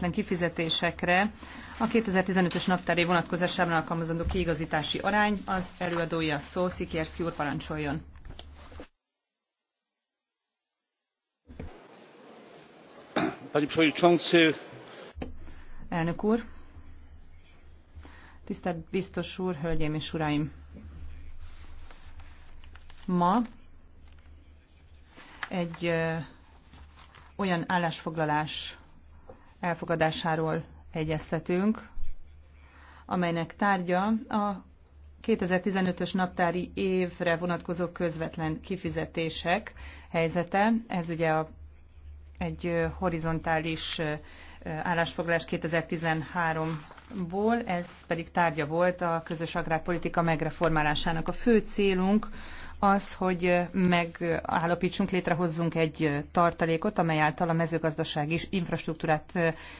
közvetlen kifizetésekre a 2015-ös naptári vonatkozásában alkalmazandó kiigazítási arány. Az előadója szó, Szikérszki úr parancsoljon. Elnök úr! Tisztelt biztos úr, hölgyeim és uraim! Ma egy olyan állásfoglalás elfogadásáról egyeztetünk, amelynek tárgya a 2015-ös naptári évre vonatkozó közvetlen kifizetések helyzete. Ez ugye a, egy horizontális állásfoglalás 2013-ból, ez pedig tárgya volt a közös agrárpolitika megreformálásának. A fő célunk az, hogy megállapítsunk, létrehozzunk egy tartalékot, amely által a mezőgazdasági infrastruktúrát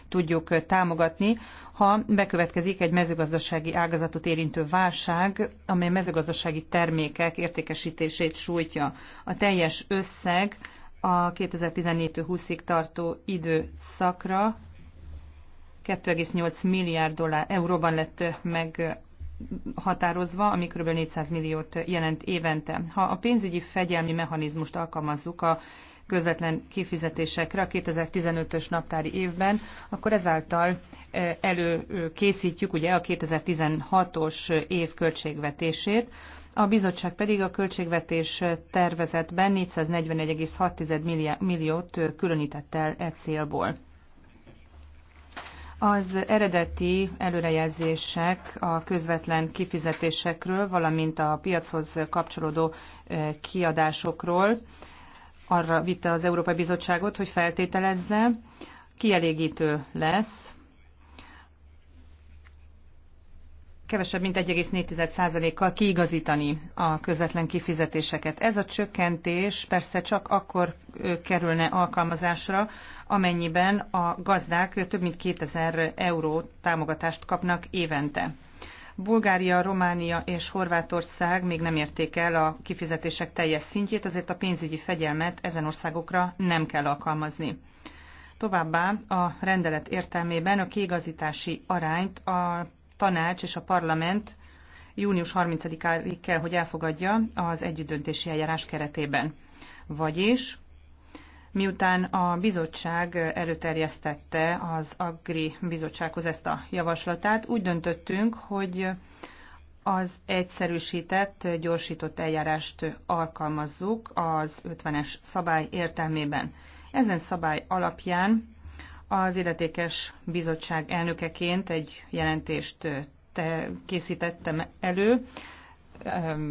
tudjuk támogatni, ha bekövetkezik egy mezőgazdasági ágazatot érintő válság, amely mezőgazdasági termékek értékesítését sújtja. A teljes összeg a 2014-20-ig tartó időszakra 2,8 milliárd dollár, euróban lett meg határozva, ami kb. 400 milliót jelent évente. Ha a pénzügyi fegyelmi mechanizmust alkalmazzuk a közvetlen kifizetésekre a 2015-ös naptári évben, akkor ezáltal e, előkészítjük ugye a 2016-os év költségvetését, a bizottság pedig a költségvetés tervezetben 441,6 milliót különített el e célból. Az eredeti előrejelzések a közvetlen kifizetésekről, valamint a piachoz kapcsolódó kiadásokról arra vitte az Európai Bizottságot, hogy feltételezze, kielégítő lesz kevesebb mint 1,4%-kal kiigazítani a közvetlen kifizetéseket. Ez a csökkentés persze csak akkor kerülne alkalmazásra, amennyiben a gazdák több mint 2000 euró támogatást kapnak évente. Bulgária, Románia és Horvátország még nem érték el a kifizetések teljes szintjét, azért a pénzügyi fegyelmet ezen országokra nem kell alkalmazni. Továbbá a rendelet értelmében a kiigazítási arányt a tanács és a parlament június 30-áig kell, hogy elfogadja az együttdöntési eljárás keretében. Vagyis Miután a bizottság előterjesztette az Agri bizottsághoz ezt a javaslatát, úgy döntöttünk, hogy az egyszerűsített, gyorsított eljárást alkalmazzuk az 50-es szabály értelmében. Ezen szabály alapján az illetékes bizottság elnökeként egy jelentést te készítettem elő,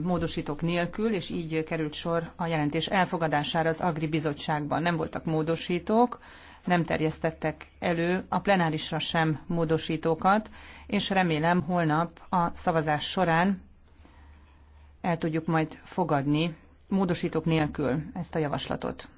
módosítók nélkül, és így került sor a jelentés elfogadására az Agri Bizottságban. Nem voltak módosítók, nem terjesztettek elő a plenárisra sem módosítókat, és remélem holnap a szavazás során el tudjuk majd fogadni módosítók nélkül ezt a javaslatot.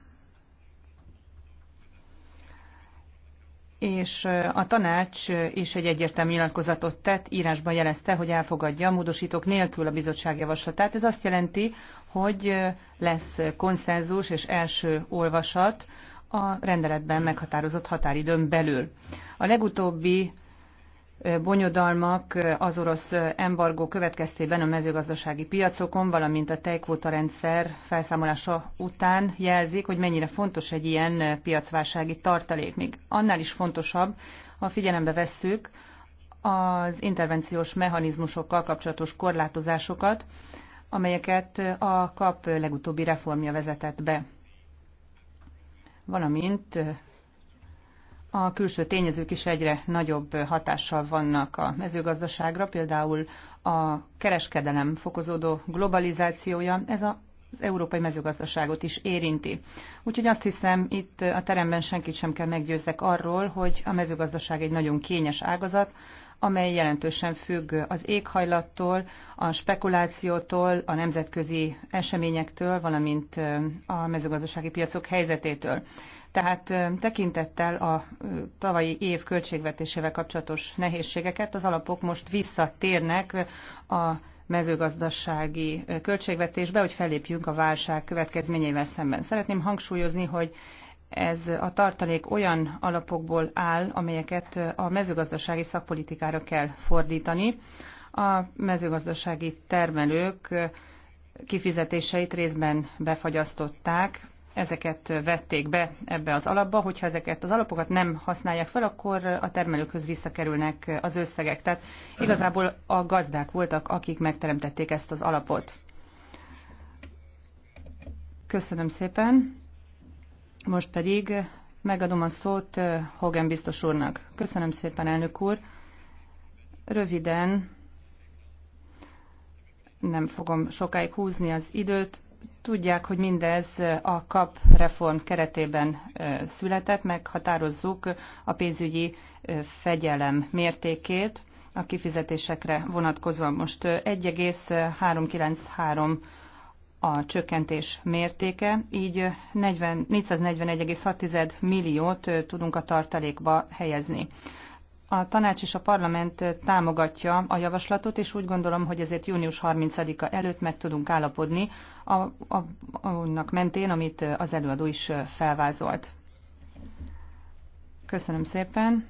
és a tanács is egy egyértelmű nyilatkozatot tett, írásban jelezte, hogy elfogadja a módosítók nélkül a bizottság javaslatát. Ez azt jelenti, hogy lesz konszenzus és első olvasat a rendeletben meghatározott határidőn belül. A legutóbbi bonyodalmak az orosz embargó következtében a mezőgazdasági piacokon, valamint a tejkvóta rendszer felszámolása után jelzik, hogy mennyire fontos egy ilyen piacválsági tartalék. Még annál is fontosabb, ha figyelembe vesszük az intervenciós mechanizmusokkal kapcsolatos korlátozásokat, amelyeket a KAP legutóbbi reformja vezetett be, valamint a külső tényezők is egyre nagyobb hatással vannak a mezőgazdaságra, például a kereskedelem fokozódó globalizációja, ez a az európai mezőgazdaságot is érinti. Úgyhogy azt hiszem, itt a teremben senkit sem kell meggyőzzek arról, hogy a mezőgazdaság egy nagyon kényes ágazat, amely jelentősen függ az éghajlattól, a spekulációtól, a nemzetközi eseményektől, valamint a mezőgazdasági piacok helyzetétől. Tehát tekintettel a tavalyi év költségvetésével kapcsolatos nehézségeket az alapok most visszatérnek a mezőgazdasági költségvetésbe, hogy fellépjünk a válság következményeivel szemben. Szeretném hangsúlyozni, hogy ez a tartalék olyan alapokból áll, amelyeket a mezőgazdasági szakpolitikára kell fordítani. A mezőgazdasági termelők kifizetéseit részben befagyasztották, ezeket vették be ebbe az alapba, hogyha ezeket az alapokat nem használják fel, akkor a termelőkhöz visszakerülnek az összegek. Tehát igazából a gazdák voltak, akik megteremtették ezt az alapot. Köszönöm szépen. Most pedig megadom a szót Hogan biztos úrnak. Köszönöm szépen, elnök úr. Röviden, nem fogom sokáig húzni az időt. Tudják, hogy mindez a KAP reform keretében született, meghatározzuk a pénzügyi fegyelem mértékét a kifizetésekre vonatkozva. Most 1,393 a csökkentés mértéke, így 40, 441,6 milliót tudunk a tartalékba helyezni. A tanács és a parlament támogatja a javaslatot, és úgy gondolom, hogy ezért június 30-a előtt meg tudunk állapodni a, a, annak mentén, amit az előadó is felvázolt. Köszönöm szépen.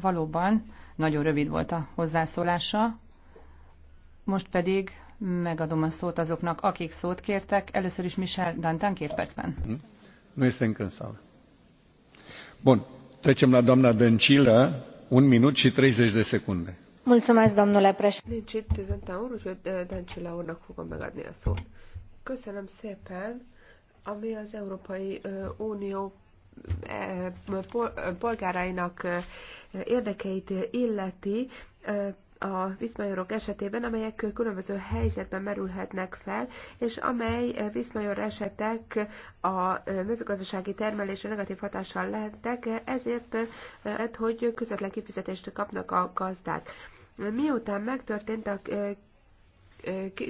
Valóban nagyon rövid volt a hozzászólása. Most pedig megadom a szót azoknak, akik szót kértek. Először is Michel Dantan két percben. Hmm? Nu este încă în sală. Bun. Trecem la doamna Dăncilă. Un minut și 30 de secunde. Mulțumesc, domnule președinte. Eh, megadni a szót. Köszönöm szépen, ami az Európai eh, Unió eh, polgárainak érdekeit illeti, a viszmajorok esetében, amelyek különböző helyzetben merülhetnek fel, és amely viszmajor esetek a mezőgazdasági termelésre negatív hatással lehetnek, ezért lehet, hogy közvetlen kifizetést kapnak a gazdák. Miután megtörtént a eh,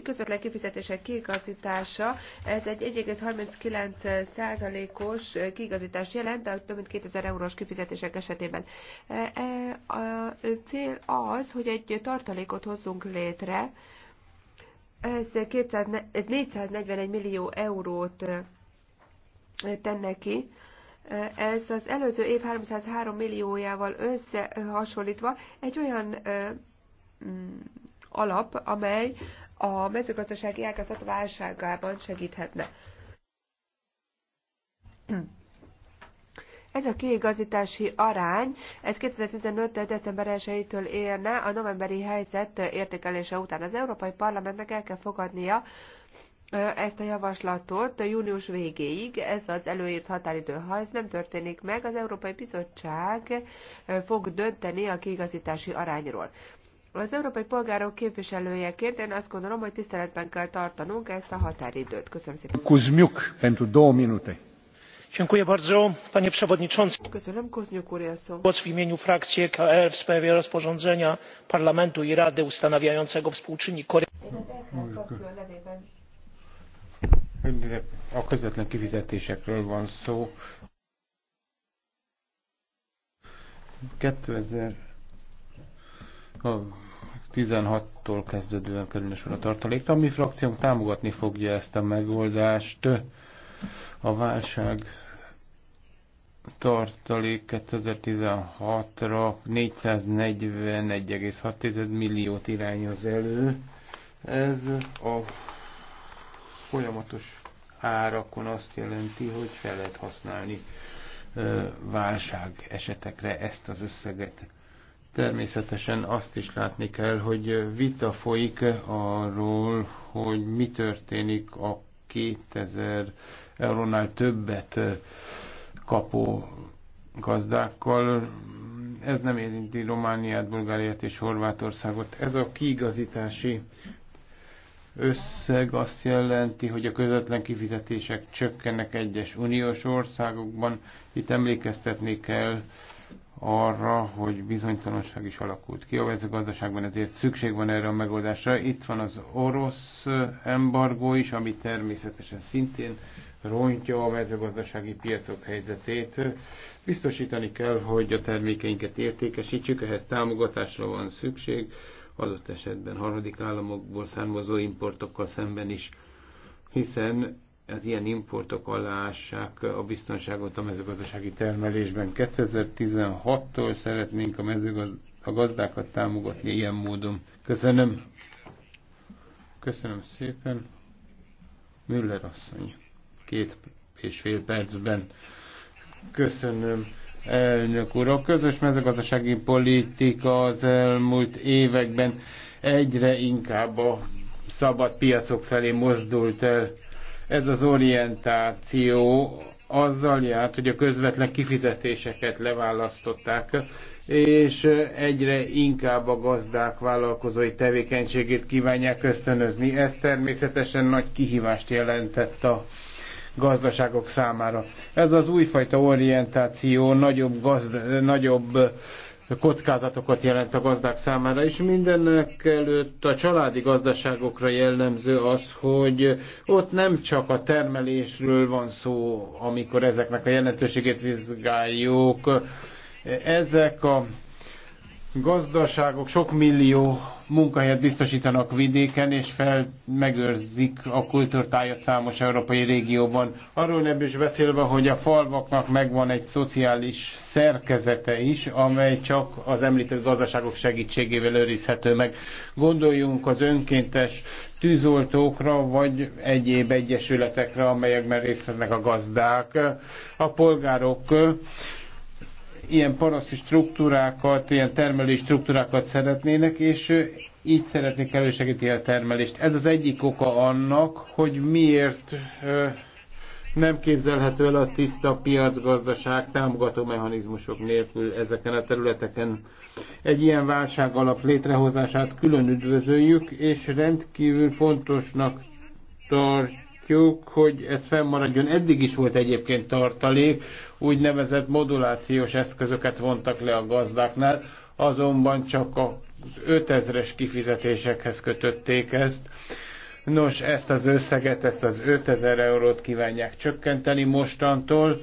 közvetlen kifizetések kiigazítása, ez egy 1,39%-os kiigazítás jelent, a több mint 2000 eurós kifizetések esetében. E, e, a cél az, hogy egy tartalékot hozzunk létre, ez, 200, ez 441 millió eurót tenne ki, e, ez az előző év 303 milliójával összehasonlítva egy olyan alap, amely a mezőgazdasági ágazat válságában segíthetne. Ez a kiigazítási arány, ez 2015. december 1-től érne a novemberi helyzet értékelése után. Az Európai Parlamentnek el kell fogadnia ezt a javaslatot június végéig, ez az előírt határidő. Ha ez nem történik meg, az Európai Bizottság fog dönteni a kiigazítási arányról. Az európai polgárok képviselőjeként én azt gondolom, hogy tiszteletben kell tartanunk ezt a határidőt. Köszönöm szépen. Kuzmiuk, pentru două minute. Dziękuję bardzo, panie przewodniczący. Köszönöm, Kuzmiuk úr, Głos w imieniu frakcji EKR w sprawie rozporządzenia Parlamentu i Rady ustanawiającego współczynnik Korea. A közvetlen kifizetésekről van szó. 2000 16-tól kezdődően kerülne sor a tartalékra. A mi frakciónk támogatni fogja ezt a megoldást. A válság tartalék 2016-ra 441,6 milliót irányoz elő. Ez a folyamatos árakon azt jelenti, hogy fel lehet használni válság esetekre ezt az összeget. Természetesen azt is látni kell, hogy vita folyik arról, hogy mi történik a 2000 eurónál többet kapó gazdákkal. Ez nem érinti Romániát, Bulgáriát és Horvátországot. Ez a kiigazítási összeg azt jelenti, hogy a közvetlen kifizetések csökkennek egyes uniós országokban. Itt emlékeztetni kell arra, hogy bizonytalanság is alakult ki a gazdaságban, ezért szükség van erre a megoldásra. Itt van az orosz embargó is, ami természetesen szintén rontja a mezőgazdasági piacok helyzetét. Biztosítani kell, hogy a termékeinket értékesítsük, ehhez támogatásra van szükség, adott esetben harmadik államokból származó importokkal szemben is, hiszen az ilyen importok alássák a biztonságot a mezőgazdasági termelésben. 2016-tól szeretnénk a, mezőgazdákat a gazdákat támogatni ilyen módon. Köszönöm. Köszönöm szépen. Müller asszony. Két és fél percben. Köszönöm. Elnök úr, a közös mezőgazdasági politika az elmúlt években egyre inkább a szabad piacok felé mozdult el ez az orientáció azzal járt, hogy a közvetlen kifizetéseket leválasztották, és egyre inkább a gazdák vállalkozói tevékenységét kívánják ösztönözni. Ez természetesen nagy kihívást jelentett a gazdaságok számára. Ez az újfajta orientáció nagyobb, gazd, nagyobb kockázatokat jelent a gazdák számára, és mindennek előtt a családi gazdaságokra jellemző az, hogy ott nem csak a termelésről van szó, amikor ezeknek a jelentőségét vizsgáljuk, ezek a gazdaságok sok millió munkahelyet biztosítanak vidéken, és fel megőrzik a kultúrtájat számos európai régióban. Arról nem is beszélve, hogy a falvaknak megvan egy szociális szerkezete is, amely csak az említett gazdaságok segítségével őrizhető meg. Gondoljunk az önkéntes tűzoltókra, vagy egyéb egyesületekre, amelyekben részt vennek a gazdák. A polgárok ilyen paraszti struktúrákat, ilyen termelői struktúrákat szeretnének, és így szeretnék elősegíteni a termelést. Ez az egyik oka annak, hogy miért nem képzelhető el a tiszta piacgazdaság támogató mechanizmusok nélkül ezeken a területeken. Egy ilyen válság alap létrehozását külön üdvözöljük, és rendkívül fontosnak tart látjuk, hogy ez fennmaradjon. Eddig is volt egyébként tartalék, úgynevezett modulációs eszközöket vontak le a gazdáknál, azonban csak a 5000-es kifizetésekhez kötötték ezt. Nos, ezt az összeget, ezt az 5000 eurót kívánják csökkenteni mostantól.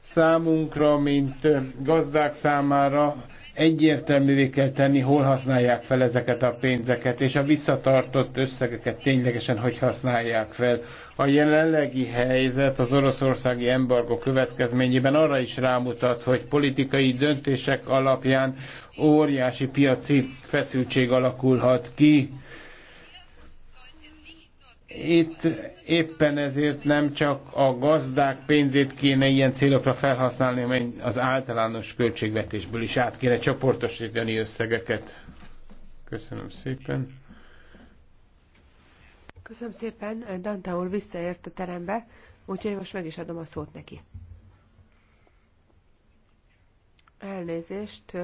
Számunkra, mint gazdák számára egyértelművé kell tenni, hol használják fel ezeket a pénzeket, és a visszatartott összegeket ténylegesen hogy használják fel. A jelenlegi helyzet az oroszországi embargo következményében arra is rámutat, hogy politikai döntések alapján óriási piaci feszültség alakulhat ki. Itt éppen ezért nem csak a gazdák pénzét kéne ilyen célokra felhasználni, hanem az általános költségvetésből is át kéne csoportosítani összegeket. Köszönöm szépen. Köszönöm szépen, dante úr visszaért a terembe, úgyhogy most meg is adom a szót neki. Elnézést,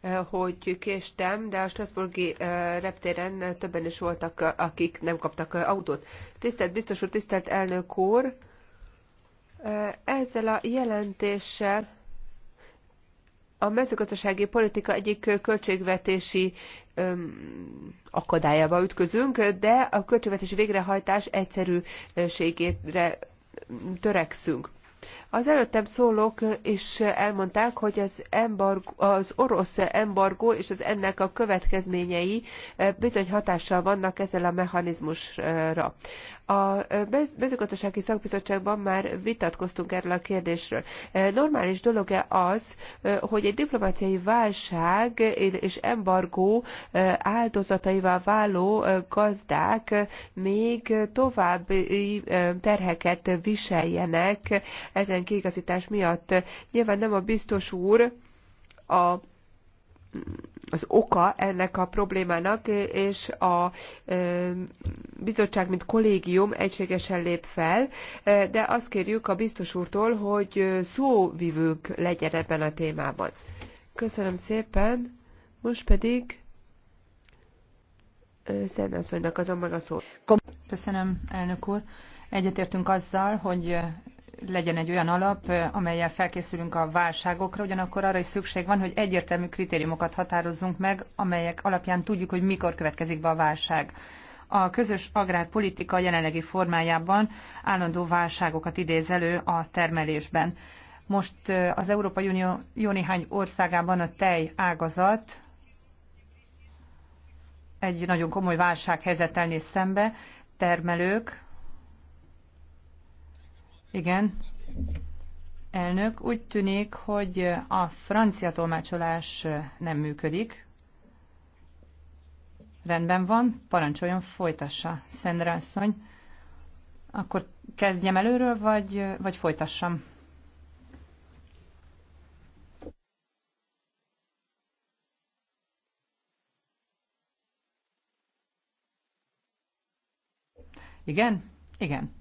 eh, hogy késtem, de a Strasburgi eh, reptéren többen is voltak, akik nem kaptak eh, autót. Tisztelt biztos úr, tisztelt elnök úr, ezzel a jelentéssel a mezőgazdasági politika egyik költségvetési akadályába ütközünk, de a költségvetési végrehajtás egyszerűségére törekszünk. Az előttem szólók is elmondták, hogy az, embargo, az orosz embargó és az ennek a következményei bizony hatással vannak ezzel a mechanizmusra. A mezőgazdasági szakbizottságban már vitatkoztunk erről a kérdésről. Normális dolog-e az, hogy egy diplomáciai válság és embargó áldozataival váló gazdák még további terheket viseljenek ezen kiigazítás miatt? Nyilván nem a biztos úr a az oka ennek a problémának, és a bizottság, mint kollégium egységesen lép fel, de azt kérjük a biztos úrtól, hogy szóvivők legyen ebben a témában. Köszönöm szépen, most pedig Szent asszonynak azon meg a szót. Köszönöm, elnök úr. Egyetértünk azzal, hogy legyen egy olyan alap, amelyel felkészülünk a válságokra, ugyanakkor arra is szükség van, hogy egyértelmű kritériumokat határozzunk meg, amelyek alapján tudjuk, hogy mikor következik be a válság. A közös agrárpolitika jelenlegi formájában állandó válságokat idéz elő a termelésben. Most az Európai Unió jó néhány országában a tej ágazat egy nagyon komoly válsághelyzettel néz szembe, termelők igen. Elnök, úgy tűnik, hogy a francia tolmácsolás nem működik. Rendben van, parancsoljon, folytassa, Szendre asszony. Akkor kezdjem előről, vagy, vagy folytassam? Igen? Igen.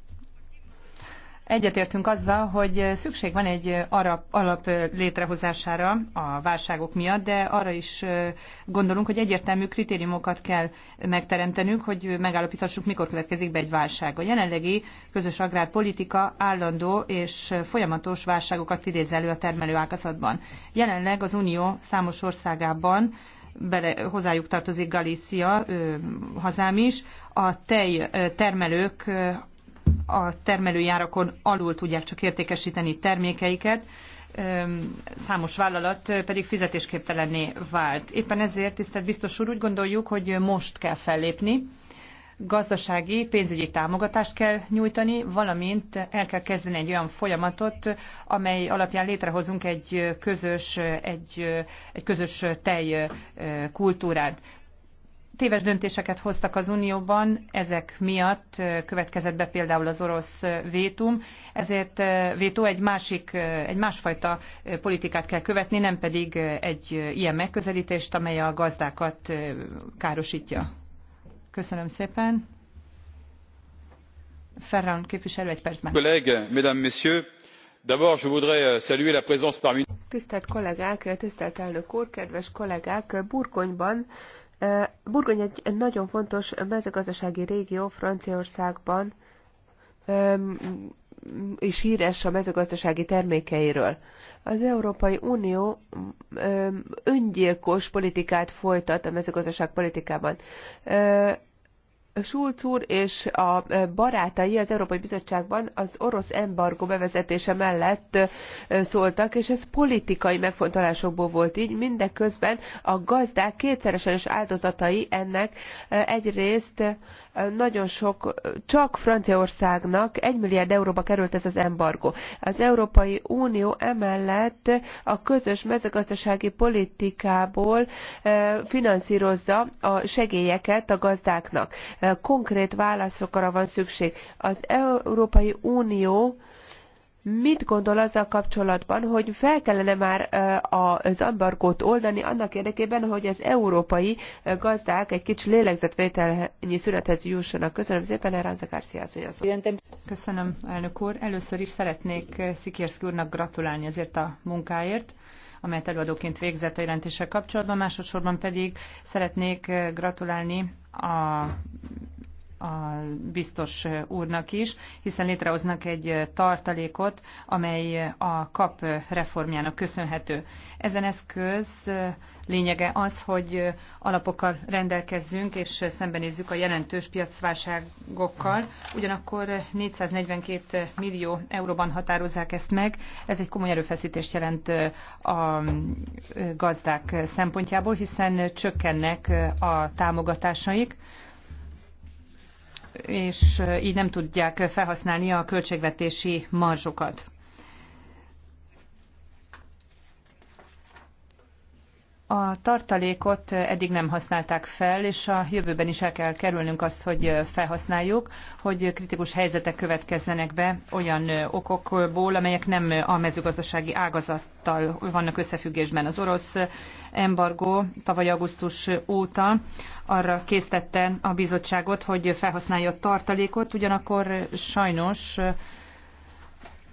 Egyetértünk azzal, hogy szükség van egy arab, alap létrehozására a válságok miatt, de arra is gondolunk, hogy egyértelmű kritériumokat kell megteremtenünk, hogy megállapíthassuk, mikor következik be egy válság. A jelenlegi közös agrárpolitika állandó és folyamatos válságokat idéz elő a termelő ágazatban. Jelenleg az Unió számos országában bele, hozzájuk tartozik Galícia, hazám is, a tej termelők a termelőjárakon alul tudják csak értékesíteni termékeiket, számos vállalat pedig fizetésképtelenné vált. Éppen ezért, tisztelt biztos úr, úgy gondoljuk, hogy most kell fellépni, gazdasági, pénzügyi támogatást kell nyújtani, valamint el kell kezdeni egy olyan folyamatot, amely alapján létrehozunk egy közös, egy, egy közös tej kultúrát téves döntéseket hoztak az Unióban, ezek miatt következett be például az orosz vétum, ezért vétó egy másik, egy másfajta politikát kell követni, nem pedig egy ilyen megközelítést, amely a gazdákat károsítja. Köszönöm szépen. Ferran képviselő egy percben. Collègues, mesdames, messieurs, d'abord je voudrais euh, saluer la présence parmi Tisztelt kollégák, tisztelt elnök úr, kedves kollégák, Burkonyban Burgony egy nagyon fontos mezőgazdasági régió Franciaországban, és híres a mezőgazdasági termékeiről. Az Európai Unió öngyilkos politikát folytat a mezőgazdaság politikában. Schulz úr és a barátai az Európai Bizottságban az orosz embargo bevezetése mellett szóltak, és ez politikai megfontolásokból volt így, mindeközben a gazdák kétszeresen is áldozatai ennek egyrészt nagyon sok, csak Franciaországnak 1 milliárd euróba került ez az embargó. Az Európai Unió emellett a közös mezőgazdasági politikából e, finanszírozza a segélyeket a gazdáknak. E, konkrét válaszokra van szükség. Az Európai Unió Mit gondol azzal kapcsolatban, hogy fel kellene már az embargót oldani annak érdekében, hogy az európai gazdák egy kicsi lélegzetvételnyi szünethez jussanak? Köszönöm szépen, Eránza Garcia Köszönöm, elnök úr. Először is szeretnék Szikérszki úrnak gratulálni azért a munkáért amelyet előadóként végzett a jelentéssel kapcsolatban, másodszorban pedig szeretnék gratulálni a a biztos úrnak is, hiszen létrehoznak egy tartalékot, amely a kap reformjának köszönhető. Ezen eszköz lényege az, hogy alapokkal rendelkezzünk, és szembenézzük a jelentős piacválságokkal. Ugyanakkor 442 millió euróban határozzák ezt meg. Ez egy komoly erőfeszítést jelent a gazdák szempontjából, hiszen csökkennek a támogatásaik és így nem tudják felhasználni a költségvetési marzsokat. a tartalékot eddig nem használták fel, és a jövőben is el kell kerülnünk azt, hogy felhasználjuk, hogy kritikus helyzetek következzenek be olyan okokból, amelyek nem a mezőgazdasági ágazattal vannak összefüggésben. Az orosz embargó tavaly augusztus óta arra késztette a bizottságot, hogy felhasználja a tartalékot, ugyanakkor sajnos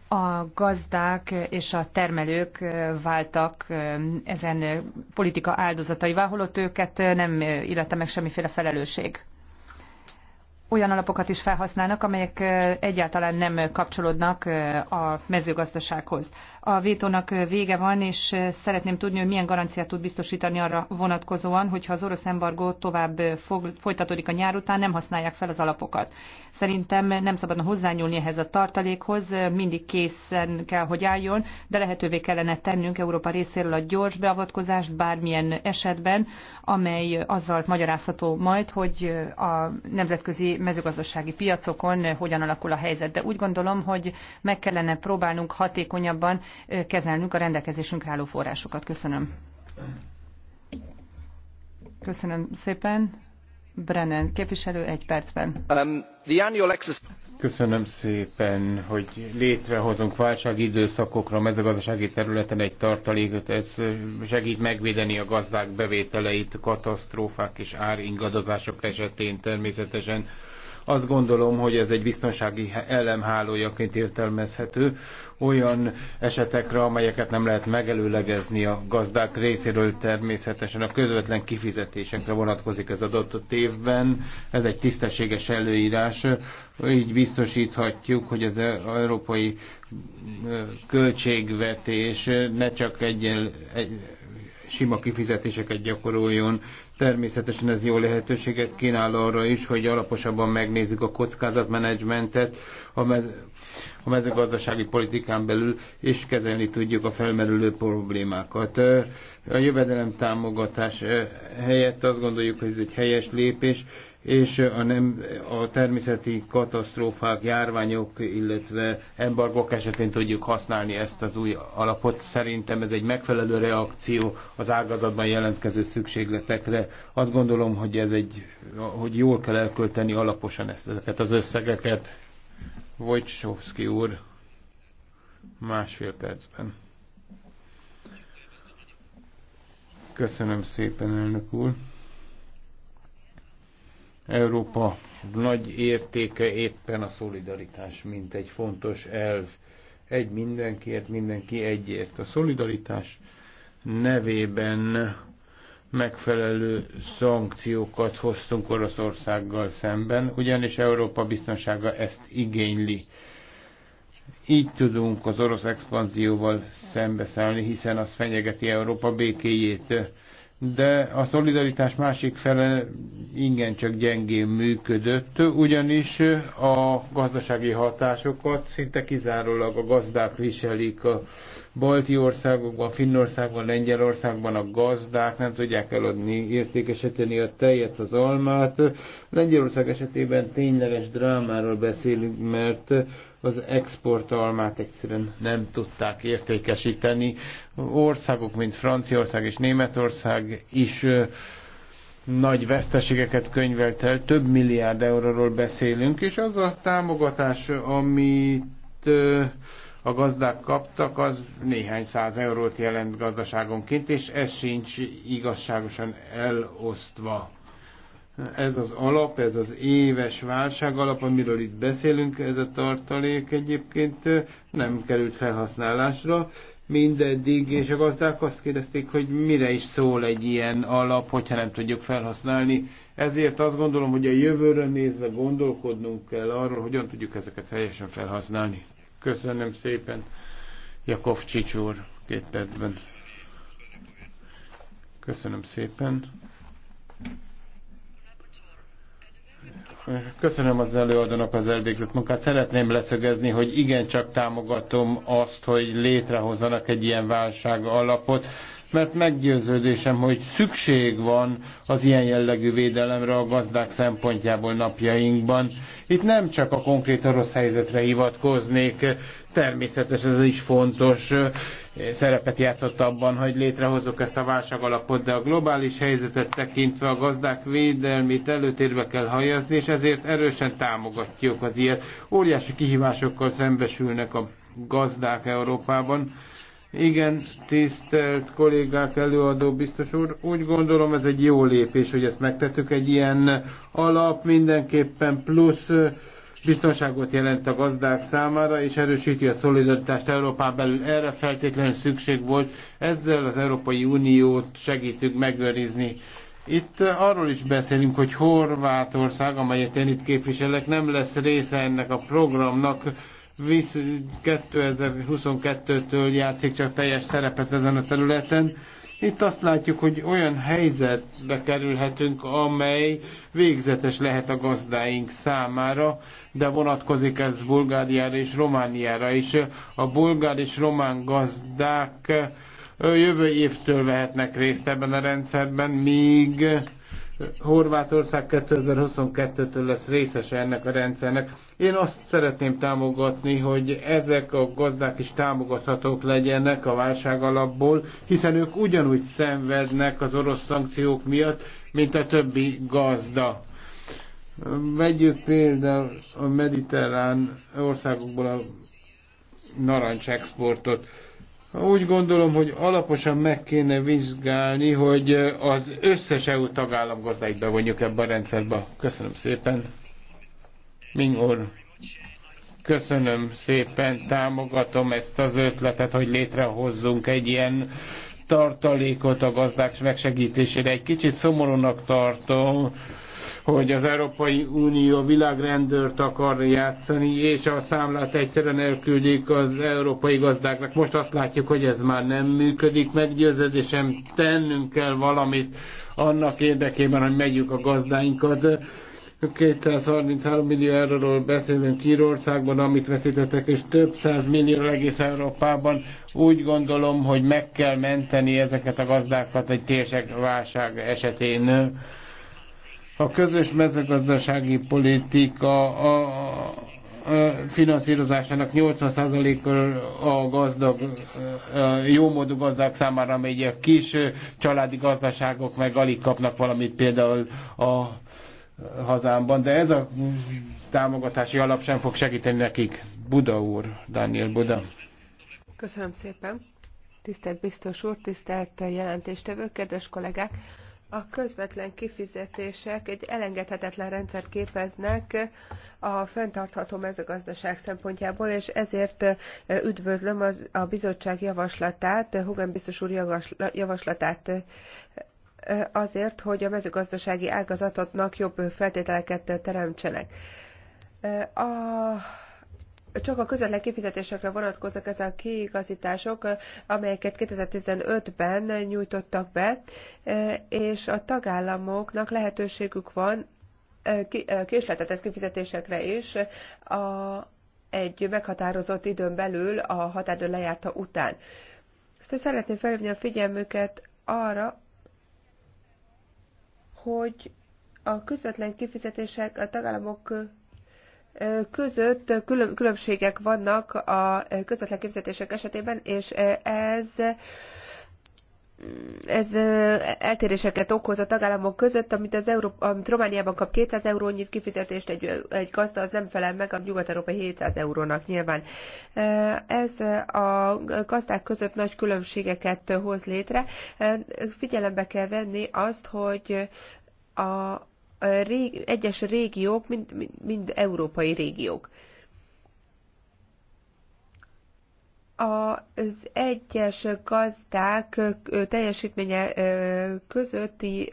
a gazdák és a termelők váltak ezen politika áldozataival, holott őket nem illette meg semmiféle felelősség olyan alapokat is felhasználnak, amelyek egyáltalán nem kapcsolódnak a mezőgazdasághoz. A vétónak vége van, és szeretném tudni, hogy milyen garanciát tud biztosítani arra vonatkozóan, hogyha az orosz embargó tovább fog, folytatódik a nyár után, nem használják fel az alapokat. Szerintem nem szabadna hozzányúlni ehhez a tartalékhoz, mindig készen kell, hogy álljon, de lehetővé kellene tennünk Európa részéről a gyors beavatkozást bármilyen esetben, amely azzal magyarázható majd, hogy a nemzetközi mezőgazdasági piacokon hogyan alakul a helyzet, de úgy gondolom, hogy meg kellene próbálnunk hatékonyabban kezelnünk a rendelkezésünkre álló forrásokat. Köszönöm. Köszönöm szépen. Brennan képviselő egy percben. Um, the annual exercise... Köszönöm szépen, hogy létrehozunk válsági időszakokra a mezőgazdasági területen egy tartalékot. Ez segít megvédeni a gazdák bevételeit katasztrófák és áringadozások esetén természetesen azt gondolom, hogy ez egy biztonsági elemhálójaként értelmezhető olyan esetekre, amelyeket nem lehet megelőlegezni a gazdák részéről természetesen a közvetlen kifizetésekre vonatkozik ez adott évben. Ez egy tisztességes előírás. Így biztosíthatjuk, hogy az európai költségvetés ne csak egy, egy, sima kifizetéseket gyakoroljon. Természetesen ez jó lehetőséget kínál arra is, hogy alaposabban megnézzük a kockázatmenedzsmentet a, mez a mezőgazdasági politikán belül, és kezelni tudjuk a felmerülő problémákat. A jövedelem támogatás helyett azt gondoljuk, hogy ez egy helyes lépés, és a, nem, a természeti katasztrófák, járványok, illetve embargok esetén tudjuk használni ezt az új alapot. Szerintem ez egy megfelelő reakció az ágazatban jelentkező szükségletekre. Azt gondolom, hogy, ez egy, hogy jól kell elkölteni alaposan ezt, ezeket az összegeket. Wojciechowski úr, másfél percben. Köszönöm szépen, elnök úr. Európa nagy értéke éppen a szolidaritás, mint egy fontos elv. Egy mindenkiért, mindenki egyért. A szolidaritás nevében megfelelő szankciókat hoztunk Oroszországgal szemben, ugyanis Európa biztonsága ezt igényli. Így tudunk az orosz expanzióval szembeszállni, hiszen az fenyegeti Európa békéjét de a szolidaritás másik fele ingen csak gyengén működött, ugyanis a gazdasági hatásokat szinte kizárólag a gazdák viselik, a balti országokban, Finnországban, Lengyelországban a gazdák nem tudják eladni, értékesíteni a tejet, az almát. Lengyelország esetében tényleges drámáról beszélünk, mert az export almát egyszerűen nem tudták értékesíteni. Országok, mint Franciaország és Németország is nagy veszteségeket könyvelt el, több milliárd euróról beszélünk, és az a támogatás, amit a gazdák kaptak, az néhány száz eurót jelent gazdaságonként, és ez sincs igazságosan elosztva. Ez az alap, ez az éves válság alap, amiről itt beszélünk, ez a tartalék egyébként nem került felhasználásra mindeddig, és a gazdák azt kérdezték, hogy mire is szól egy ilyen alap, hogyha nem tudjuk felhasználni. Ezért azt gondolom, hogy a jövőre nézve gondolkodnunk kell arról, hogyan tudjuk ezeket helyesen felhasználni. Köszönöm szépen. Jakov Csicsúr, két percben. Köszönöm szépen. Köszönöm az előadónak az elvégzett munkát. Szeretném leszögezni, hogy igencsak támogatom azt, hogy létrehozzanak egy ilyen válság alapot mert meggyőződésem, hogy szükség van az ilyen jellegű védelemre a gazdák szempontjából napjainkban. Itt nem csak a konkrét orosz helyzetre hivatkoznék, természetesen ez is fontos szerepet játszott abban, hogy létrehozok ezt a válságalapot, de a globális helyzetet tekintve a gazdák védelmét előtérbe kell hajazni, és ezért erősen támogatjuk az ilyet. Óriási kihívásokkal szembesülnek a gazdák Európában igen, tisztelt kollégák, előadó biztos úr, úgy gondolom ez egy jó lépés, hogy ezt megtettük, egy ilyen alap mindenképpen plusz biztonságot jelent a gazdák számára, és erősíti a szolidaritást Európán belül. Erre feltétlenül szükség volt, ezzel az Európai Uniót segítünk megőrizni. Itt arról is beszélünk, hogy Horvátország, amelyet én itt képviselek, nem lesz része ennek a programnak, 2022-től játszik csak teljes szerepet ezen a területen. Itt azt látjuk, hogy olyan helyzetbe kerülhetünk, amely végzetes lehet a gazdáink számára, de vonatkozik ez Bulgáriára és Romániára is. A bulgár és román gazdák jövő évtől vehetnek részt ebben a rendszerben, míg Horvátország 2022-től lesz részese ennek a rendszernek. Én azt szeretném támogatni, hogy ezek a gazdák is támogathatók legyenek a válság alapból, hiszen ők ugyanúgy szenvednek az orosz szankciók miatt, mint a többi gazda. Vegyük például a mediterrán országokból a narancs exportot úgy gondolom, hogy alaposan meg kéne vizsgálni, hogy az összes EU tagállam gazdáit bevonjuk ebbe a rendszerbe. Köszönöm szépen. Mingor, köszönöm szépen, támogatom ezt az ötletet, hogy létrehozzunk egy ilyen tartalékot a gazdák megsegítésére. Egy kicsit szomorúnak tartom, hogy az Európai Unió világrendőrt akar játszani, és a számlát egyszerűen elküldik az európai gazdáknak. Most azt látjuk, hogy ez már nem működik, meggyőződésem tennünk kell valamit annak érdekében, hogy megyük a gazdáinkat. 233 millió euróról beszélünk Írországban, amit veszítettek, és több száz millió egész Európában. Úgy gondolom, hogy meg kell menteni ezeket a gazdákat egy térségválság válság esetén a közös mezőgazdasági politika a, a, a finanszírozásának 80%-a a gazdag, a jómódú gazdák számára, amely a kis családi gazdaságok meg alig kapnak valamit például a hazámban, de ez a támogatási alap sem fog segíteni nekik. Buda úr, Daniel Buda. Köszönöm szépen. Tisztelt biztos úr, tisztelt jelentéstevő, kedves kollégák! A közvetlen kifizetések egy elengedhetetlen rendszert képeznek a fenntartható mezőgazdaság szempontjából, és ezért üdvözlöm az, a bizottság javaslatát, Hogan biztos úr javaslatát azért, hogy a mezőgazdasági ágazatotnak jobb feltételeket teremtsenek. A csak a közvetlen kifizetésekre vonatkoznak ezek a kiigazítások, amelyeket 2015-ben nyújtottak be, e, és a tagállamoknak lehetőségük van e, e, késletetett kifizetésekre is a, egy meghatározott időn belül a határidő lejárta után. Ezt szeretném felhívni a figyelmüket arra, hogy a közvetlen kifizetések a tagállamok között különbségek vannak a közvetlen kifizetések esetében, és ez ez eltéréseket okoz a tagállamok között, amit, az Euró- amit Romániában kap 200 eurónyi kifizetést, egy, egy gazda az nem felel meg a nyugat-európai 700 eurónak nyilván. Ez a gazdák között nagy különbségeket hoz létre. Figyelembe kell venni azt, hogy a rég, egyes régiók mind, mind, mind európai régiók. Az egyes gazdák teljesítménye közötti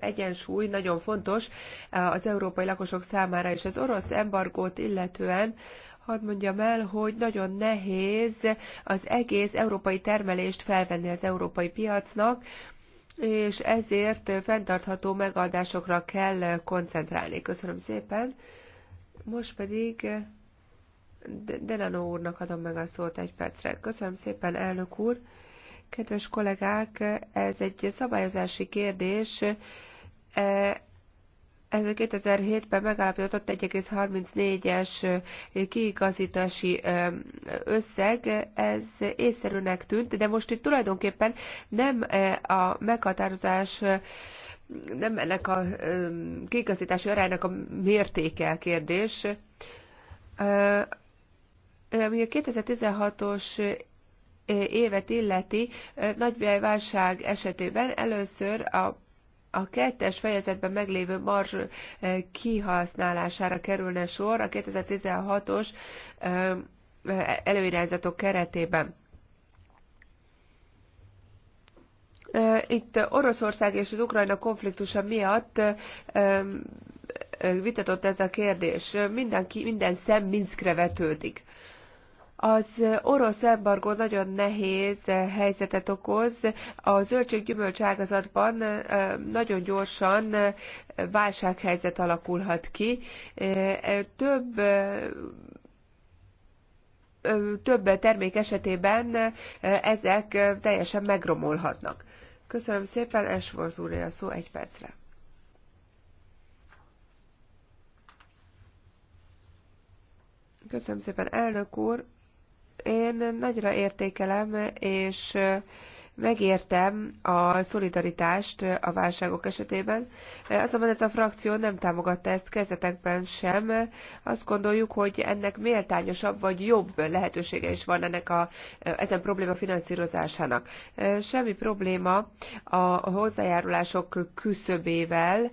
egyensúly nagyon fontos az európai lakosok számára, és az orosz embargót illetően hadd mondjam el, hogy nagyon nehéz az egész európai termelést felvenni az európai piacnak, és ezért fenntartható megoldásokra kell koncentrálni. Köszönöm szépen. Most pedig Delano úrnak adom meg a szót egy percre. Köszönöm szépen, elnök úr. Kedves kollégák, ez egy szabályozási kérdés e, ez a 2007-ben megállapított 1,34-es kiigazítási összeg, ez észszerűnek tűnt, de most itt tulajdonképpen nem a meghatározás nem ennek a kiigazítási aránynak a mértéke a kérdés. Ami a 2016-os évet illeti, nagy válság esetében először a a kettes fejezetben meglévő marzs eh, kihasználására kerülne sor a 2016-os eh, eh, előirányzatok keretében. Itt Oroszország és az Ukrajna konfliktusa miatt vitatott ez a kérdés. Mindenki, minden szem Minskre vetődik. Az orosz embargó nagyon nehéz eh, helyzetet okoz. A zöldség-gyümölcs ágazatban eh, nagyon gyorsan eh, válsághelyzet alakulhat ki. Több több termék esetében ezek teljesen megromolhatnak. Köszönöm szépen, Esforz úr, a szó egy percre. Köszönöm szépen, elnök úr én nagyra értékelem, és Megértem a szolidaritást a válságok esetében, azonban ez a frakció nem támogatta ezt kezdetekben sem. Azt gondoljuk, hogy ennek méltányosabb vagy jobb lehetősége is van ennek a, ezen probléma finanszírozásának. Semmi probléma a hozzájárulások küszöbével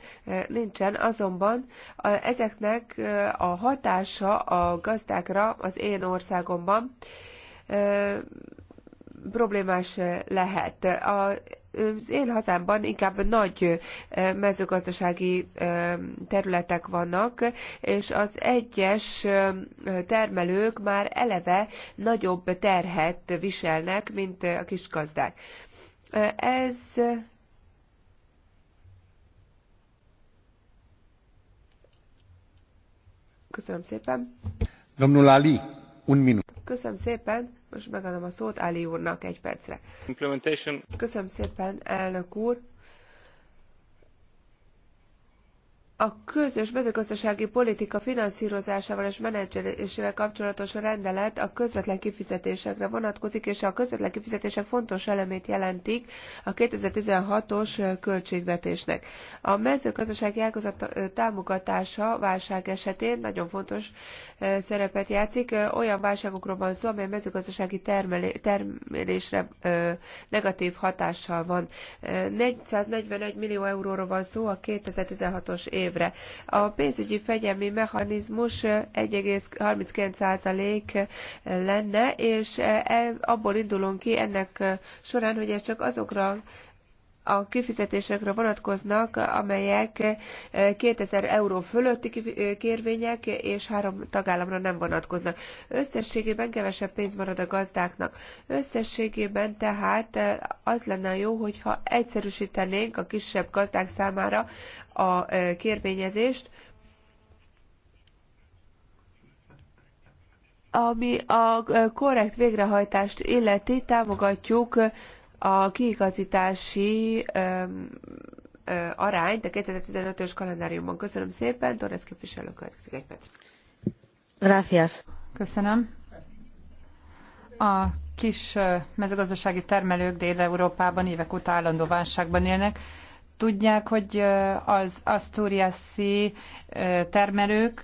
nincsen, azonban ezeknek a hatása a gazdákra az én országomban problémás lehet. A, az én hazámban inkább nagy mezőgazdasági területek vannak, és az egyes termelők már eleve nagyobb terhet viselnek, mint a kisgazdák. Ez Köszönöm szépen. Domnul Ali. Un minut. Köszönöm szépen, most megadom a szót Ali úrnak egy percre. Köszönöm szépen, elnök úr. a közös mezőgazdasági politika finanszírozásával és menedzselésével kapcsolatos rendelet a közvetlen kifizetésekre vonatkozik, és a közvetlen kifizetések fontos elemét jelentik a 2016-os költségvetésnek. A mezőgazdasági ágazat támogatása válság esetén nagyon fontos szerepet játszik. Olyan válságokról van szó, amely mezőgazdasági termelésre negatív hatással van. 441 millió euróról van szó a 2016-os év évre. A pénzügyi fegyelmi mechanizmus 1,39% lenne, és e, abból indulunk ki ennek során, hogy ez csak azokra a kifizetésekre vonatkoznak, amelyek 2000 eh, euró fölötti eh, kérvények, és három tagállamra nem vonatkoznak. Összességében kevesebb pénz marad a gazdáknak. Összességében tehát eh, az lenne jó, hogyha egyszerűsítenénk a kisebb gazdák számára a kérvényezést, ami a korrekt végrehajtást illeti, támogatjuk a kiigazítási arányt a 2015-ös kalendáriumban. Köszönöm szépen, Torres képviselő következik egy perc. Gracias. Köszönöm. A kis mezőgazdasági termelők Dél-Európában évek óta állandó válságban élnek. Tudják, hogy az Asturiasi termelők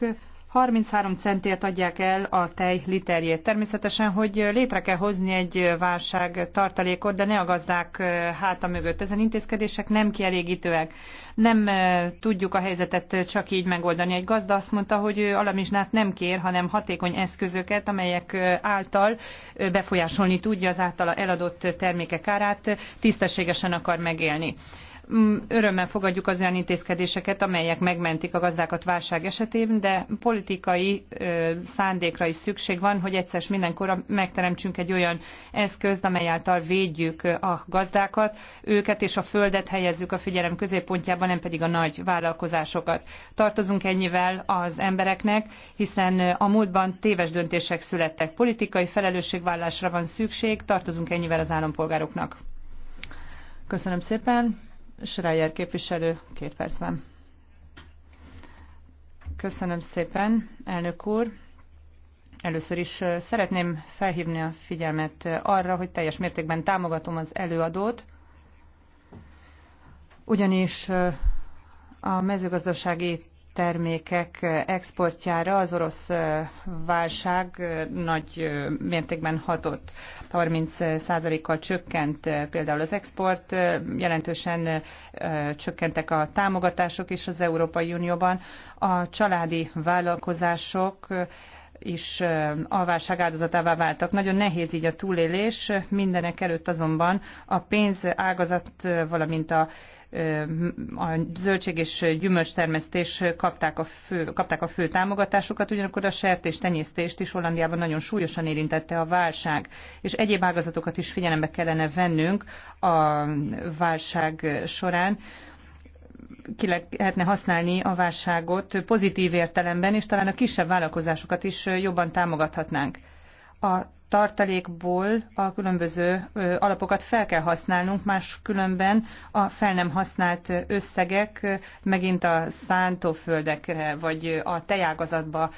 33 centért adják el a tej literjét. Természetesen, hogy létre kell hozni egy válság tartalékot, de ne a gazdák háta mögött. Ezen intézkedések nem kielégítőek. Nem tudjuk a helyzetet csak így megoldani. Egy gazda azt mondta, hogy ő alamizsnát nem kér, hanem hatékony eszközöket, amelyek által befolyásolni tudja az általa eladott termékek árát, tisztességesen akar megélni. Mm, örömmel fogadjuk az olyan intézkedéseket, amelyek megmentik a gazdákat válság esetén, de politikai szándékra is szükség van, hogy egyszer mindenkor megteremtsünk egy olyan eszközt, amely által védjük a gazdákat, őket és a földet helyezzük a figyelem középpontjába, nem pedig a nagy vállalkozásokat. Tartozunk ennyivel az embereknek, hiszen a múltban téves döntések születtek. Politikai felelősségvállásra van szükség, tartozunk ennyivel az állampolgároknak. Köszönöm szépen. Schreier képviselő, két percben. Köszönöm szépen, elnök úr. Először is szeretném felhívni a figyelmet arra, hogy teljes mértékben támogatom az előadót, ugyanis a mezőgazdasági termékek exportjára az orosz válság nagy mértékben hatott. 30%-kal csökkent például az export, jelentősen csökkentek a támogatások is az Európai Unióban. A családi vállalkozások is a válság áldozatává váltak. Nagyon nehéz így a túlélés, mindenek előtt azonban a pénz ágazat, valamint a a zöldség és gyümölcstermesztés kapták a, fő, kapták a fő támogatásokat, ugyanakkor a sertés tenyésztést is Hollandiában nagyon súlyosan érintette a válság, és egyéb ágazatokat is figyelembe kellene vennünk a válság során ki lehetne használni a válságot pozitív értelemben, és talán a kisebb vállalkozásokat is jobban támogathatnánk. A tartalékból a különböző alapokat fel kell használnunk, más különben a fel nem használt összegek megint a szántóföldekre vagy a tejágazatba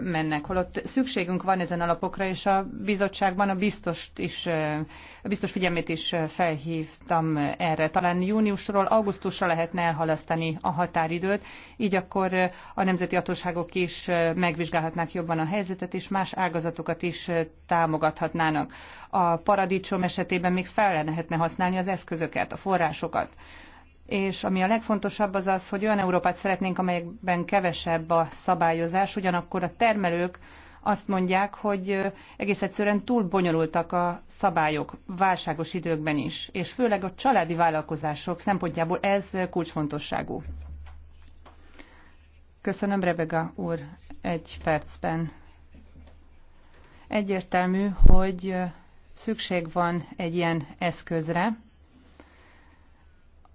mennek, holott szükségünk van ezen alapokra, és a bizottságban a biztost is, a biztos figyelmét is felhívtam erre. Talán júniusról augusztusra lehetne elhalasztani a határidőt, így akkor a nemzeti hatóságok is megvizsgálhatnák jobban a helyzetet, és más ágazatokat is távolítanak támogathatnának. A paradicsom esetében még fel lehetne használni az eszközöket, a forrásokat és ami a legfontosabb az az, hogy olyan Európát szeretnénk, amelyekben kevesebb a szabályozás, ugyanakkor a termelők azt mondják, hogy egész egyszerűen túl bonyolultak a szabályok válságos időkben is, és főleg a családi vállalkozások szempontjából ez kulcsfontosságú. Köszönöm, Rebega úr, egy percben. Egyértelmű, hogy szükség van egy ilyen eszközre,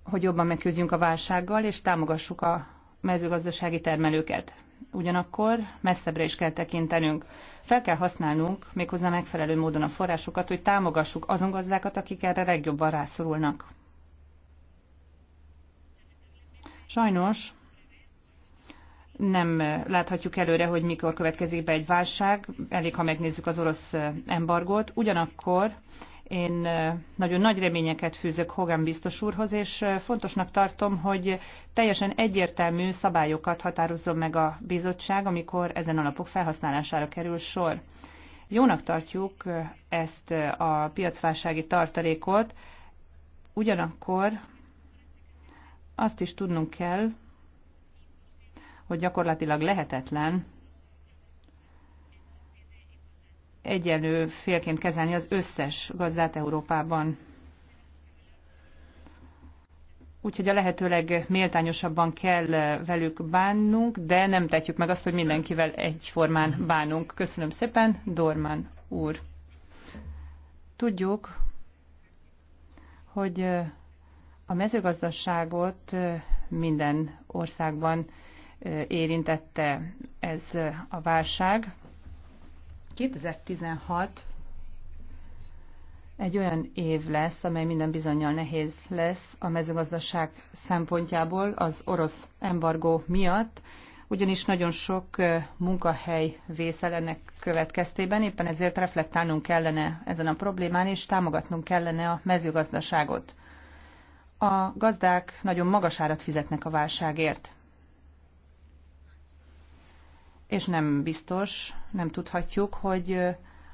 hogy jobban megküzdjünk a válsággal, és támogassuk a mezőgazdasági termelőket. Ugyanakkor messzebbre is kell tekintenünk. Fel kell használnunk méghozzá megfelelő módon a forrásokat, hogy támogassuk azon gazdákat, akik erre legjobban rászorulnak. Sajnos nem láthatjuk előre, hogy mikor következik be egy válság, elég, ha megnézzük az orosz embargót. Ugyanakkor én nagyon nagy reményeket fűzök Hogan biztos úrhoz, és fontosnak tartom, hogy teljesen egyértelmű szabályokat határozzon meg a bizottság, amikor ezen napok felhasználására kerül sor. Jónak tartjuk ezt a piacválsági tartalékot, ugyanakkor azt is tudnunk kell, hogy gyakorlatilag lehetetlen egyenlő félként kezelni az összes gazdát Európában. Úgyhogy a lehetőleg méltányosabban kell velük bánnunk, de nem tetjük meg azt, hogy mindenkivel egyformán bánunk. Köszönöm szépen, Dorman úr. Tudjuk, hogy a mezőgazdaságot minden országban érintette ez a válság. 2016 egy olyan év lesz, amely minden bizonyal nehéz lesz a mezőgazdaság szempontjából az orosz embargó miatt, ugyanis nagyon sok munkahely vészel ennek következtében, éppen ezért reflektálnunk kellene ezen a problémán, és támogatnunk kellene a mezőgazdaságot. A gazdák nagyon magas árat fizetnek a válságért és nem biztos, nem tudhatjuk, hogy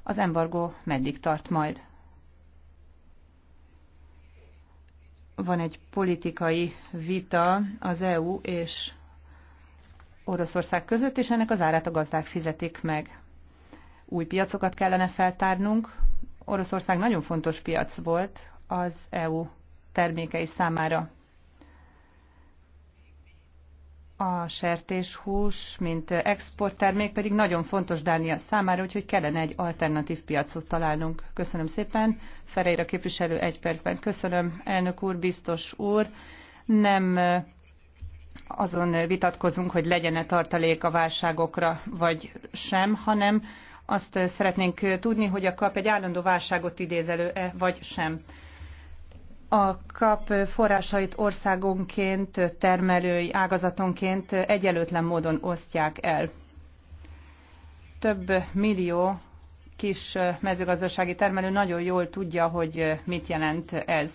az embargó meddig tart majd. Van egy politikai vita az EU és Oroszország között, és ennek az árát a gazdák fizetik meg. Új piacokat kellene feltárnunk. Oroszország nagyon fontos piac volt az EU termékei számára a sertéshús, mint exporttermék pedig nagyon fontos Dánia számára, úgyhogy kellene egy alternatív piacot találnunk. Köszönöm szépen. Ferreira képviselő egy percben. Köszönöm, elnök úr, biztos úr. Nem eh, azon vitatkozunk, hogy legyen-e tartalék a válságokra, vagy sem, hanem azt eh, szeretnénk eh, tudni, hogy a kap egy állandó válságot idéz elő-e, vagy sem a kap forrásait országonként, termelői ágazatonként egyelőtlen módon osztják el. Több millió kis mezőgazdasági termelő nagyon jól tudja, hogy mit jelent ez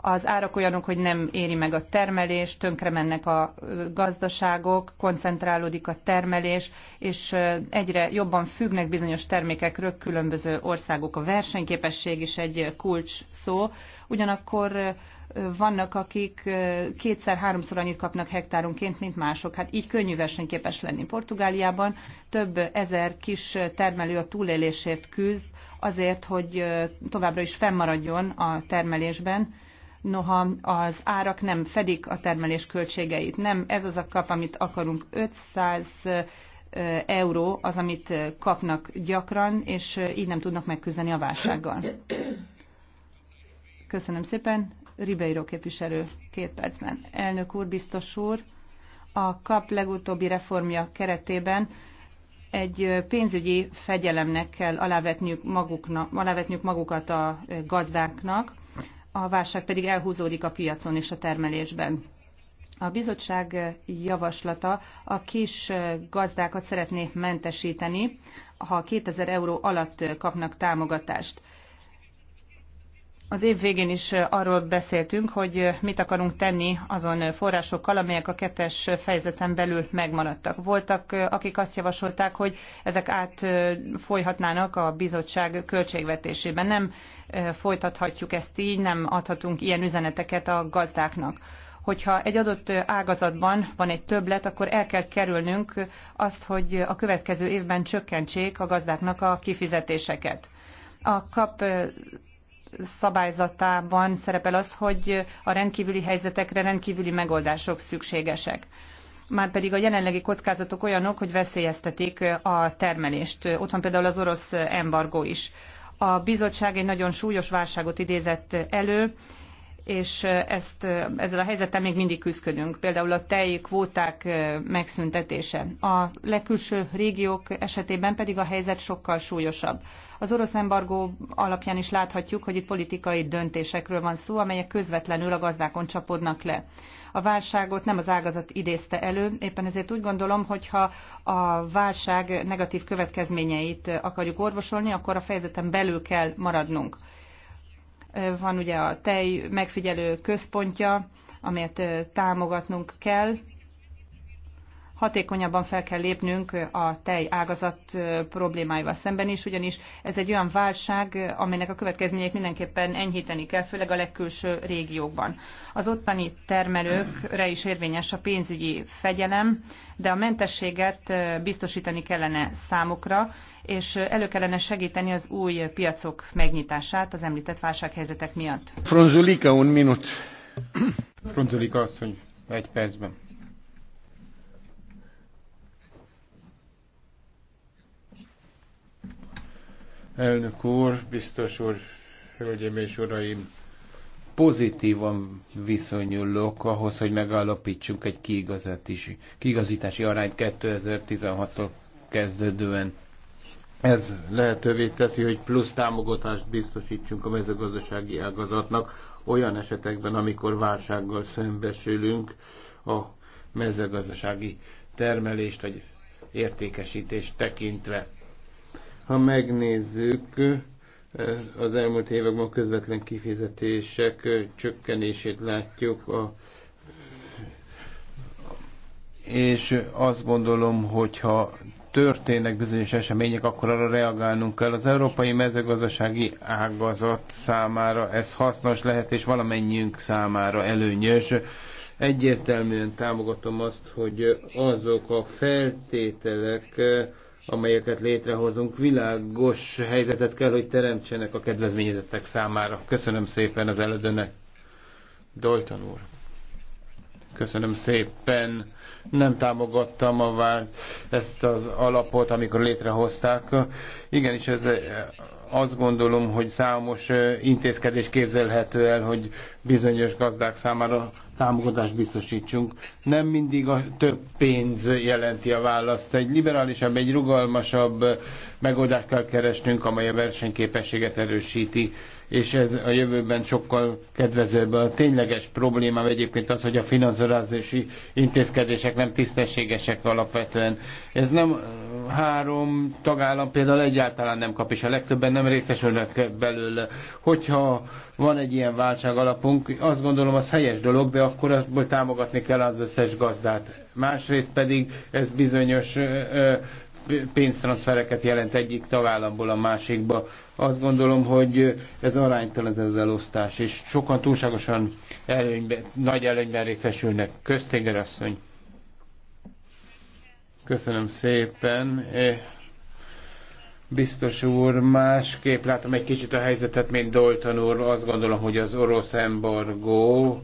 az árak olyanok, hogy nem éri meg a termelés, tönkre mennek a gazdaságok, koncentrálódik a termelés, és egyre jobban függnek bizonyos termékekről különböző országok. A versenyképesség is egy kulcs szó, ugyanakkor vannak, akik kétszer-háromszor annyit kapnak hektáronként, mint mások. Hát így könnyű versenyképes lenni. Portugáliában több ezer kis termelő a túlélésért küzd, azért, hogy továbbra is fennmaradjon a termelésben, noha az árak nem fedik a termelés költségeit. Nem, ez az a kap, amit akarunk. 500 euró az, amit kapnak gyakran, és így nem tudnak megküzdeni a válsággal. Köszönöm szépen. Ribeiro képviselő két percben. Elnök úr, biztos úr, a kap legutóbbi reformja keretében egy pénzügyi fegyelemnek kell alávetniük, maguknak, alávetniük magukat a gazdáknak, a válság pedig elhúzódik a piacon és a termelésben. A bizottság javaslata a kis gazdákat szeretné mentesíteni, ha 2000 euró alatt kapnak támogatást. Az év végén is arról beszéltünk, hogy mit akarunk tenni azon forrásokkal, amelyek a kettes fejezeten belül megmaradtak. Voltak, akik azt javasolták, hogy ezek átfolyhatnának a bizottság költségvetésében. Nem folytathatjuk ezt így, nem adhatunk ilyen üzeneteket a gazdáknak hogyha egy adott ágazatban van egy többlet, akkor el kell kerülnünk azt, hogy a következő évben csökkentsék a gazdáknak a kifizetéseket. A kap szabályzatában szerepel az, hogy a rendkívüli helyzetekre rendkívüli megoldások szükségesek. Márpedig a jelenlegi kockázatok olyanok, hogy veszélyeztetik a termelést. Ott van például az orosz embargó is. A bizottság egy nagyon súlyos válságot idézett elő, és ezt, ezzel a helyzettel még mindig küzdködünk. Például a tej kvóták megszüntetése. A legkülső régiók esetében pedig a helyzet sokkal súlyosabb. Az orosz embargó alapján is láthatjuk, hogy itt politikai döntésekről van szó, amelyek közvetlenül a gazdákon csapodnak le. A válságot nem az ágazat idézte elő, éppen ezért úgy gondolom, hogy ha a válság negatív következményeit akarjuk orvosolni, akkor a fejezeten belül kell maradnunk van ugye a tej megfigyelő központja, amelyet támogatnunk kell. Hatékonyabban fel kell lépnünk a tej ágazat problémáival szemben is, ugyanis ez egy olyan válság, amelynek a következményeit mindenképpen enyhíteni kell, főleg a legkülső régiókban. Az ottani termelőkre is érvényes a pénzügyi fegyelem, de a mentességet biztosítani kellene számukra, és elő kellene segíteni az új piacok megnyitását az említett válsághelyzetek miatt. Fronzulika, un minut. Fronzulika asszony, egy percben. Elnök úr, biztos úr, hölgyeim és uraim, pozitívan viszonyulok ahhoz, hogy megállapítsunk egy kiigazítási arányt 2016-tól kezdődően. Ez lehetővé teszi, hogy plusz támogatást biztosítsunk a mezőgazdasági ágazatnak olyan esetekben, amikor válsággal szembesülünk a mezőgazdasági termelést vagy értékesítést tekintve. Ha megnézzük, eh, az elmúlt években a közvetlen kifizetések eh, csökkenését látjuk, a, és azt gondolom, hogyha történnek bizonyos események, akkor arra reagálnunk kell. Az európai mezőgazdasági ágazat számára ez hasznos lehet, és valamennyiünk számára előnyös. Egyértelműen támogatom azt, hogy azok a feltételek, amelyeket létrehozunk, világos helyzetet kell, hogy teremtsenek a kedvezményezettek számára. Köszönöm szépen az elődönek. Doltan úr. Köszönöm szépen nem támogattam a vált, ezt az alapot, amikor létrehozták. Igenis, ez eh, azt gondolom, hogy számos eh, intézkedés képzelhető el, hogy bizonyos gazdák számára támogatást biztosítsunk. Nem mindig a több pénz jelenti a választ. Egy liberálisabb, egy rugalmasabb eh, megoldást kell keresnünk, amely a versenyképességet erősíti és ez a jövőben sokkal kedvezőbb. A tényleges probléma egyébként az, hogy a finanszírozási intézkedések nem tisztességesek alapvetően. Ez nem három tagállam például egyáltalán nem kap, és a legtöbben nem részesülnek belőle. Hogyha van egy ilyen válság alapunk, azt gondolom az helyes dolog, de akkor abból támogatni kell az összes gazdát. Másrészt pedig ez bizonyos pénztranszfereket jelent egyik tagállamból a másikba. Azt gondolom, hogy ez aránytalan ez az elosztás, és sokan túlságosan előnyben, nagy előnyben részesülnek. Köztéger asszony. Köszönöm szépen. Biztos úr, másképp látom egy kicsit a helyzetet, mint Dolton úr. Azt gondolom, hogy az orosz embargó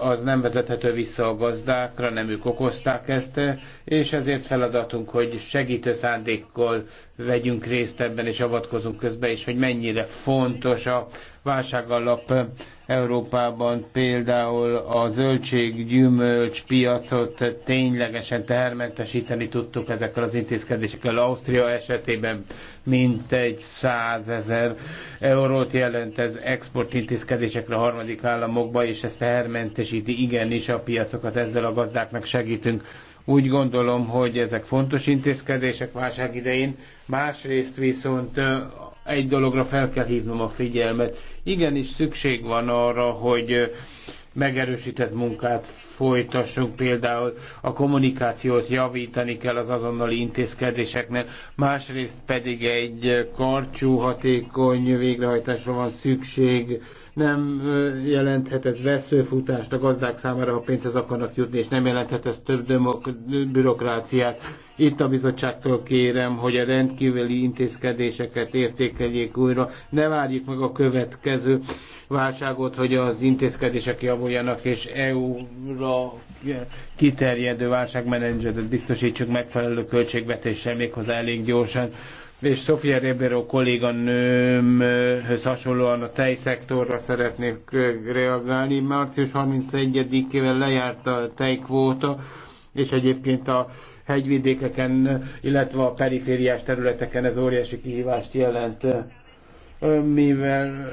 az nem vezethető vissza a gazdákra, nem ők okozták ezt, és ezért feladatunk, hogy segítő szándékkal vegyünk részt ebben, és avatkozunk közbe, és hogy mennyire fontos a válságalap Európában például a zöldség-gyümölcs piacot ténylegesen termentesíteni tudtuk ezekkel az intézkedésekkel. Ausztria esetében mintegy százezer eurót jelent ez exportintézkedésekre a harmadik államokba, és ezt termentesíti igenis a piacokat, ezzel a gazdáknak segítünk. Úgy gondolom, hogy ezek fontos intézkedések válság idején. Másrészt viszont egy dologra fel kell hívnom a figyelmet Igenis szükség van arra, hogy megerősített munkát folytassunk, például a kommunikációt javítani kell az azonnali intézkedéseknél, másrészt pedig egy karcsú, hatékony végrehajtásra van szükség, nem jelenthet ez veszőfutást a gazdák számára, ha pénzhez akarnak jutni, és nem jelenthet ez több bürokráciát. Itt a bizottságtól kérem, hogy a rendkívüli intézkedéseket értékeljék újra. Ne várjuk meg a következő válságot, hogy az intézkedések javuljanak, és EU-ra kiterjedő válságmenedzsetet biztosítsuk megfelelő költségvetéssel méghozzá elég gyorsan és Sofia Ribeiro kolléganőmhöz hasonlóan a tejszektorra szeretnék reagálni. Március 31-ével lejárt a tejkvóta, és egyébként a hegyvidékeken, illetve a perifériás területeken ez óriási kihívást jelent mivel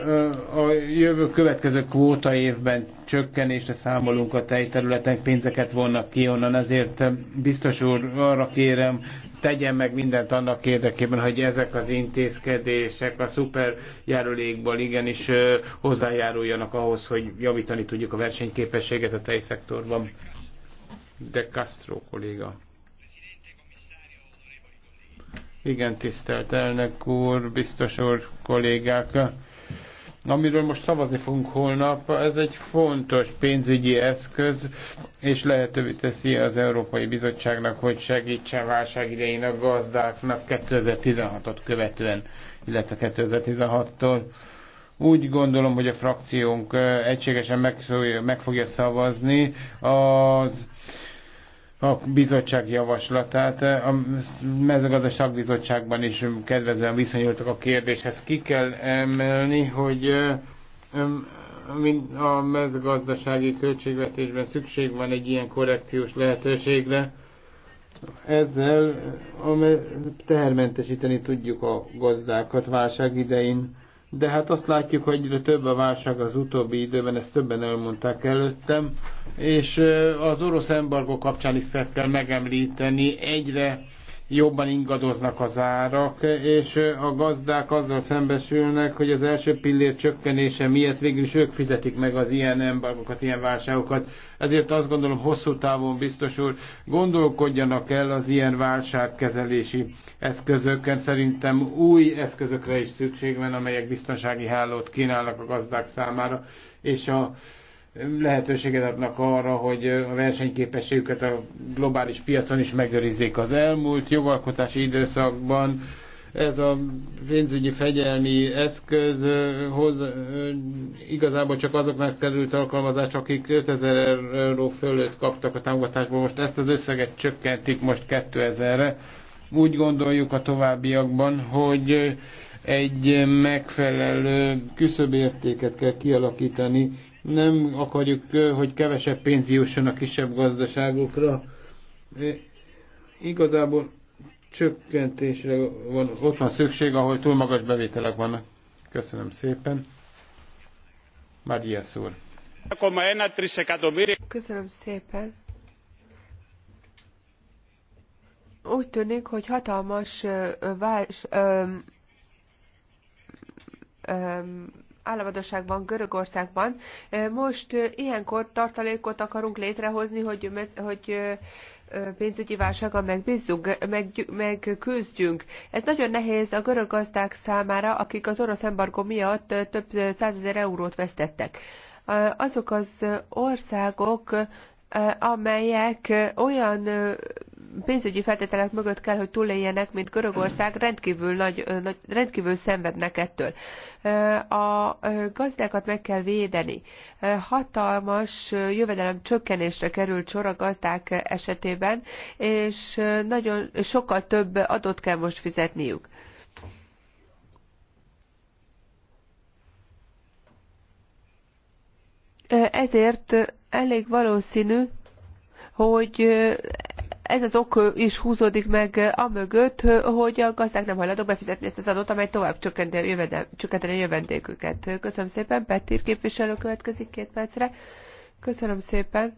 a jövő következő kvóta évben csökkenésre számolunk a tejterületen, pénzeket vonnak ki onnan, ezért biztos úr, arra kérem, tegyen meg mindent annak érdekében, hogy ezek az intézkedések a szuperjárulékból igenis hozzájáruljanak ahhoz, hogy javítani tudjuk a versenyképességet a tejszektorban. De Castro kolléga. Igen, tisztelt elnök úr, biztos úr, kollégák amiről most szavazni fogunk holnap, ez egy fontos pénzügyi eszköz, és lehetővé teszi az Európai Bizottságnak, hogy segítsen válság idején a gazdáknak 2016-ot követően, illetve 2016-tól. Úgy gondolom, hogy a frakciónk egységesen meg, meg fogja szavazni az a bizottság javaslatát. A mezőgazdaság bizottságban is kedvezően viszonyultak a kérdéshez. Ki kell emelni, hogy a mezőgazdasági költségvetésben szükség van egy ilyen korrekciós lehetőségre. Ezzel termentesíteni tudjuk a gazdákat válság idején de hát azt látjuk, hogy egyre több a válság az utóbbi időben, ezt többen elmondták előttem, és az orosz embargó kapcsán is kell megemlíteni, egyre jobban ingadoznak az árak, és a gazdák azzal szembesülnek, hogy az első pillér csökkenése miatt végül is ők fizetik meg az ilyen embargokat, ilyen válságokat. Ezért azt gondolom hosszú távon biztos úr, gondolkodjanak el az ilyen válságkezelési eszközöken. Szerintem új eszközökre is szükség van, amelyek biztonsági hálót kínálnak a gazdák számára, és a lehetőséget adnak arra, hogy a versenyképességüket a globális piacon is megőrizzék. Az elmúlt jogalkotási időszakban ez a pénzügyi fegyelmi hoz igazából csak azoknak került alkalmazás, akik 5000 euró fölött kaptak a támogatásból. Most ezt az összeget csökkentik most 2000-re. Úgy gondoljuk a továbbiakban, hogy egy megfelelő küszöbértéket kell kialakítani, nem akarjuk, hogy kevesebb pénz jusson a kisebb gazdaságokra. Igazából csökkentésre van, ott van szükség, ahol túl magas bevételek vannak. Köszönöm szépen. Marias úr. Köszönöm szépen. Úgy tűnik, hogy hatalmas vás, öm, öm, államadóságban, Görögországban. Most ilyenkor tartalékot akarunk létrehozni, hogy, hogy pénzügyi válsággal megbízzunk, meg, Ez nagyon nehéz a görög gazdák számára, akik az orosz embargó miatt több százezer eurót vesztettek. Azok az országok, amelyek olyan pénzügyi feltételek mögött kell, hogy túléljenek, mint Görögország, rendkívül, nagy, rendkívül szenvednek ettől. A gazdákat meg kell védeni. Hatalmas jövedelem csökkenésre került sor a gazdák esetében, és nagyon sokkal több adót kell most fizetniük. Ezért elég valószínű, hogy ez az ok is húzódik meg amögött, hogy a gazdák nem hajlandók befizetni ezt az adót, amely tovább csökkenti a, jövendéküket. Köszönöm szépen, Petír képviselő következik két percre. Köszönöm szépen.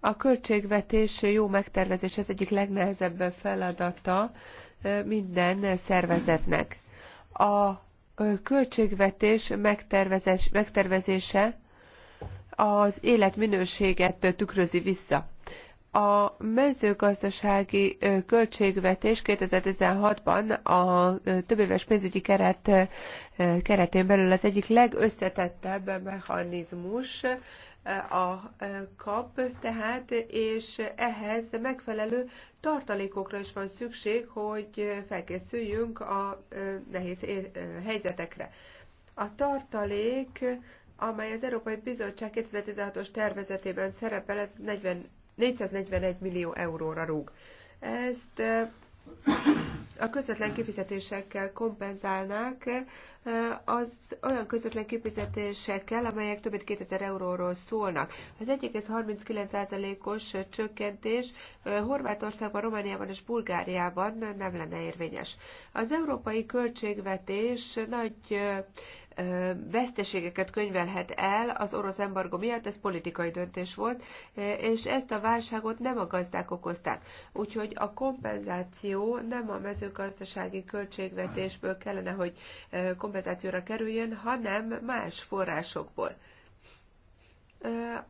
A költségvetés jó megtervezés, ez egyik legnehezebb feladata minden szervezetnek. A költségvetés megtervezés, megtervezése az életminőséget tükrözi vissza. A mezőgazdasági költségvetés 2016-ban a többéves pénzügyi keret, keretén belül az egyik legösszetettebb mechanizmus a kap, tehát, és ehhez megfelelő tartalékokra is van szükség, hogy felkészüljünk a nehéz helyzetekre. A tartalék amely az Európai Bizottság 2016-os tervezetében szerepel, ez 40, 441 millió euróra rúg. Ezt a közvetlen kifizetésekkel kompenzálnák, az olyan közvetlen kifizetésekkel, amelyek több mint 2000 euróról szólnak. Az 1,39%-os csökkentés Horvátországban, Romániában és Bulgáriában nem lenne érvényes. Az európai költségvetés nagy veszteségeket könyvelhet el az orosz embargo miatt, ez politikai döntés volt, és ezt a válságot nem a gazdák okozták. Úgyhogy a kompenzáció nem a mezőgazdasági költségvetésből kellene, hogy kompenzációra kerüljön, hanem más forrásokból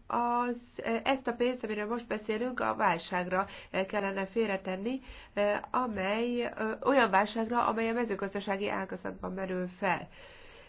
az, ezt a pénzt, amiről most beszélünk, a válságra kellene félretenni, amely olyan válságra, amely a mezőgazdasági ágazatban merül fel.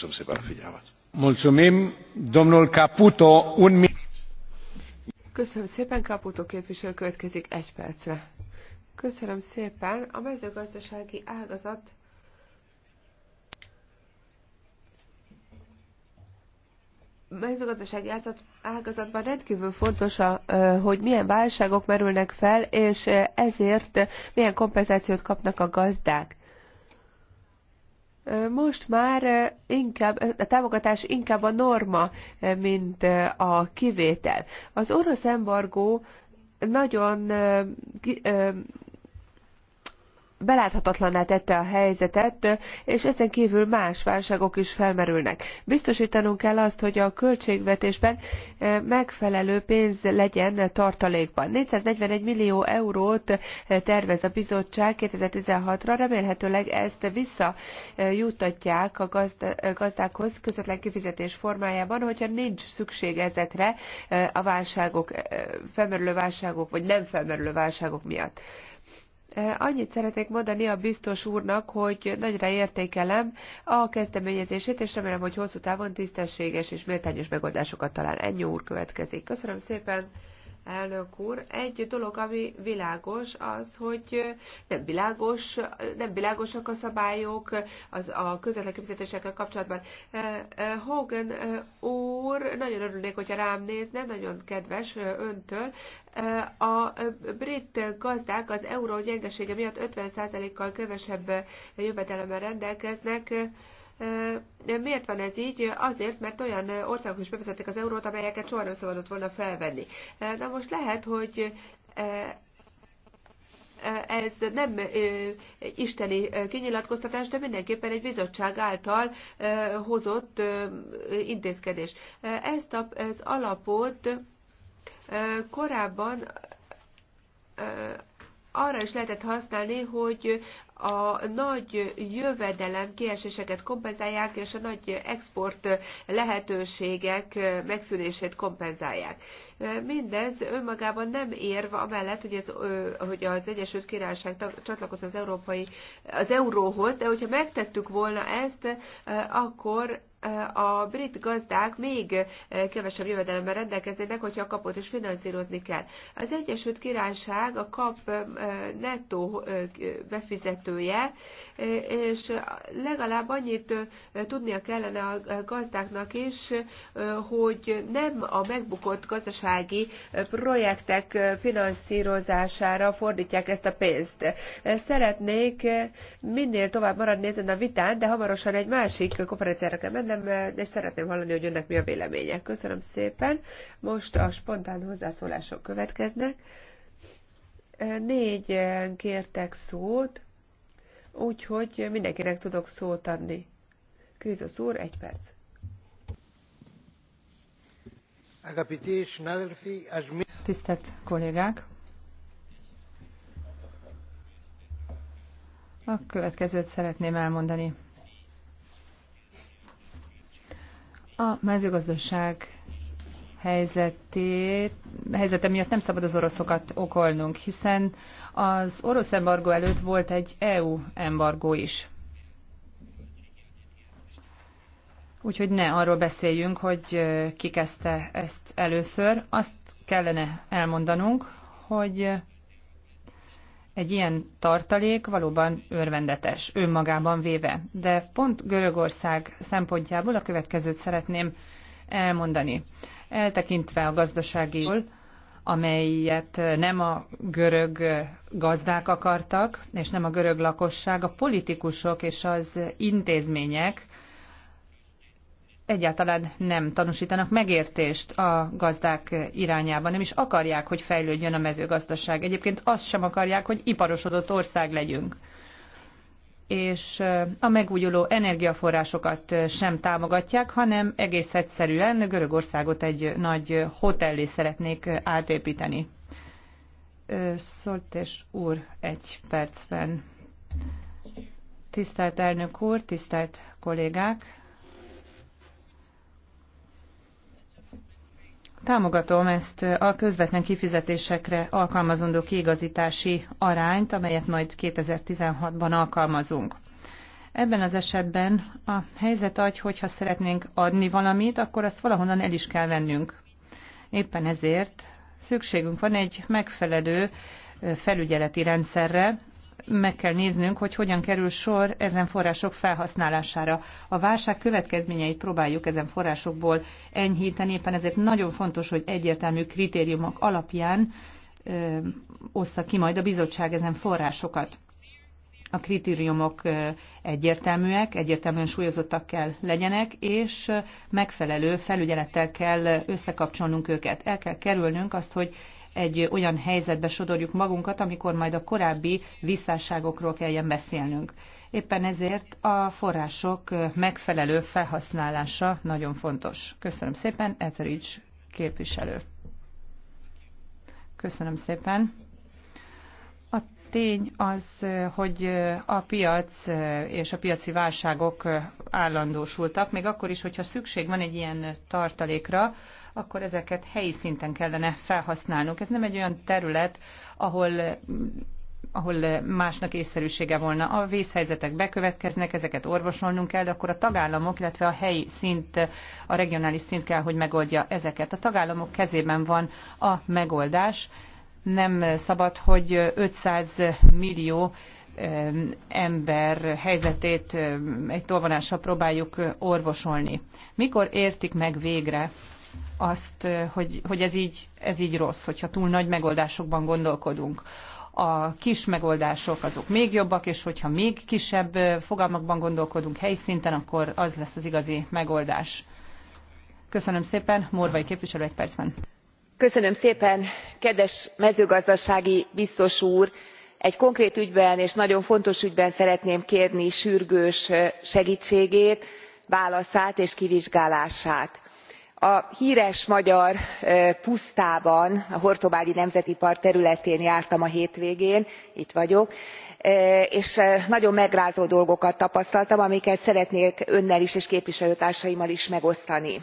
Köszönöm szépen a figyelmet. Köszönöm szépen, Caputo képviselő következik egy percre. Köszönöm szépen. A mezőgazdasági ágazat mezőgazdasági ágazatban rendkívül fontos, hogy milyen válságok merülnek fel, és ezért milyen kompenzációt kapnak a gazdák. Most már inkább, a támogatás inkább a norma, mint a kivétel. Az orosz embargó nagyon beláthatatlanná tette a helyzetet, és ezen kívül más válságok is felmerülnek. Biztosítanunk kell azt, hogy a költségvetésben eh, megfelelő pénz legyen tartalékban. 441 millió eurót eh, tervez a bizottság 2016-ra, remélhetőleg ezt visszajuttatják a eh, gazdákhoz közvetlen kifizetés formájában, hogyha nincs szükség ezekre a válságok, felmerülő válságok, vagy nem felmerülő válságok miatt. Annyit szeretnék mondani a biztos úrnak, hogy nagyra értékelem a kezdeményezését, és remélem, hogy hosszú távon tisztességes és méltányos megoldásokat talál. Ennyi úr következik. Köszönöm szépen! elnök úr. Egy dolog, ami világos, az, hogy nem, világos, nem világosak a szabályok az a közvetlen kifizetésekkel kapcsolatban. Eh, eh, Hogan eh, úr, nagyon örülnék, hogyha rám nézne, nagyon kedves öntől. A brit gazdák az euró gyengesége miatt 50%-kal kevesebb jövedelemmel rendelkeznek, Miért van ez így? Azért, mert olyan országok is bevezették az eurót, amelyeket soha nem szabadott volna felvenni. Na most lehet, hogy ez nem isteni kinyilatkoztatás, de mindenképpen egy bizottság által hozott intézkedés. Ezt az alapot korábban arra is lehetett használni, hogy a nagy jövedelem kieséseket kompenzálják, és a nagy export lehetőségek megszűnését kompenzálják. Mindez önmagában nem érve amellett, hogy, ez, hogy az Egyesült Királyság csatlakozott az, európai, az euróhoz, de hogyha megtettük volna ezt, akkor a brit gazdák még kevesebb jövedelemmel rendelkeznének, hogyha a kapot is finanszírozni kell. Az Egyesült Királyság a kap nettó befizetője, és legalább annyit tudnia kellene a gazdáknak is, hogy nem a megbukott gazdasági projektek finanszírozására fordítják ezt a pénzt. Szeretnék minél tovább maradni ezen a vitán, de hamarosan egy másik konferenciára kell menni, nem, de szeretném hallani, hogy önnek mi a véleménye. Köszönöm szépen. Most a spontán hozzászólások következnek. négy kértek szót, úgyhogy mindenkinek tudok szót adni. Krizos úr, egy perc. Tisztelt kollégák! A következőt szeretném elmondani. A mezőgazdaság helyzetét, helyzete miatt nem szabad az oroszokat okolnunk, hiszen az orosz embargó előtt volt egy EU embargó is. Úgyhogy ne arról beszéljünk, hogy ki kezdte ezt először. Azt kellene elmondanunk, hogy egy ilyen tartalék valóban örvendetes, önmagában véve. De pont Görögország szempontjából a következőt szeretném elmondani. Eltekintve a gazdaságiból, amelyet nem a görög gazdák akartak, és nem a görög lakosság, a politikusok és az intézmények egyáltalán nem tanúsítanak megértést a gazdák irányában, nem is akarják, hogy fejlődjön a mezőgazdaság. Egyébként azt sem akarják, hogy iparosodott ország legyünk és eh, a megújuló energiaforrásokat eh, sem támogatják, hanem egész egyszerűen Görögországot egy nagy hotellé szeretnék eh, átépíteni. Szoltés úr, egy percben. Tisztelt elnök úr, tisztelt kollégák! Támogatom ezt a közvetlen kifizetésekre alkalmazandó kiigazítási arányt, amelyet majd 2016-ban alkalmazunk. Ebben az esetben a helyzet agy, hogyha szeretnénk adni valamit, akkor azt valahonnan el is kell vennünk. Éppen ezért szükségünk van egy megfelelő felügyeleti rendszerre, meg kell néznünk, hogy hogyan kerül sor ezen források felhasználására. A válság következményeit próbáljuk ezen forrásokból enyhíteni, éppen ezért nagyon fontos, hogy egyértelmű kritériumok alapján ö, ossza ki majd a bizottság ezen forrásokat. A kritériumok egyértelműek, egyértelműen súlyozottak kell legyenek, és megfelelő felügyelettel kell összekapcsolnunk őket. El kell kerülnünk azt, hogy egy olyan helyzetbe sodorjuk magunkat, amikor majd a korábbi visszásságokról kelljen beszélnünk. Éppen ezért a források megfelelő felhasználása nagyon fontos. Köszönöm szépen, Etheridge képviselő. Köszönöm szépen. Tény az, hogy a piac és a piaci válságok állandósultak, még akkor is, hogyha szükség van egy ilyen tartalékra, akkor ezeket helyi szinten kellene felhasználnunk. Ez nem egy olyan terület, ahol ahol másnak észszerűsége volna. A vészhelyzetek bekövetkeznek, ezeket orvosolnunk kell, de akkor a tagállamok, illetve a helyi szint, a regionális szint kell, hogy megoldja ezeket. A tagállamok kezében van a megoldás, nem szabad, hogy 500 millió ember helyzetét egy tolvonással próbáljuk orvosolni. Mikor értik meg végre azt, hogy, hogy ez, így, ez így rossz, hogyha túl nagy megoldásokban gondolkodunk? a kis megoldások azok még jobbak, és hogyha még kisebb fogalmakban gondolkodunk helyszinten, akkor az lesz az igazi megoldás. Köszönöm szépen, Morvai képviselő egy percben kedves mezőgazdasági biztos úr egy konkrét ügyben és nagyon fontos ügyben szeretném kérni sürgős segtségét válaszát és kivizsgálását. a hres magyar pusztában a hortobágyi nemzeti park területén jártam a hétvégén itt vagyok és nagyon megrázó dolgokat tapasztaltam amiket szeretnék önnel is és képviselőtársaimmal is megosztani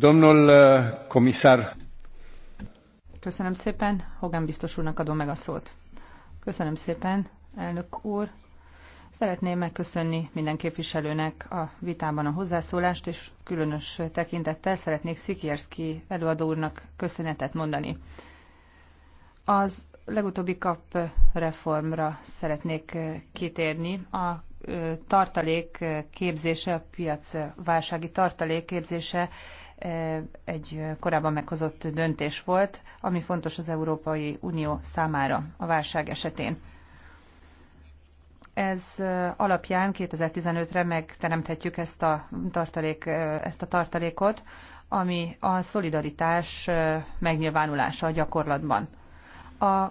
Uh, Köszönöm szépen. Hogan biztos úrnak adom meg a szót. Köszönöm szépen, elnök úr. Szeretném megköszönni minden képviselőnek a vitában a hozzászólást, és különös tekintettel szeretnék Szikierszki előadó úrnak köszönetet mondani. Az legutóbbi kap reformra szeretnék kitérni. A tartalék képzése, a piac válsági tartalék képzése Eh, egy korábban meghozott döntés volt, ami fontos az Európai Unió számára a válság esetén. Ez eh, alapján 2015-re megteremthetjük ezt a, tartalék, eh, ezt a tartalékot, ami a szolidaritás megnyilvánulása a gyakorlatban. A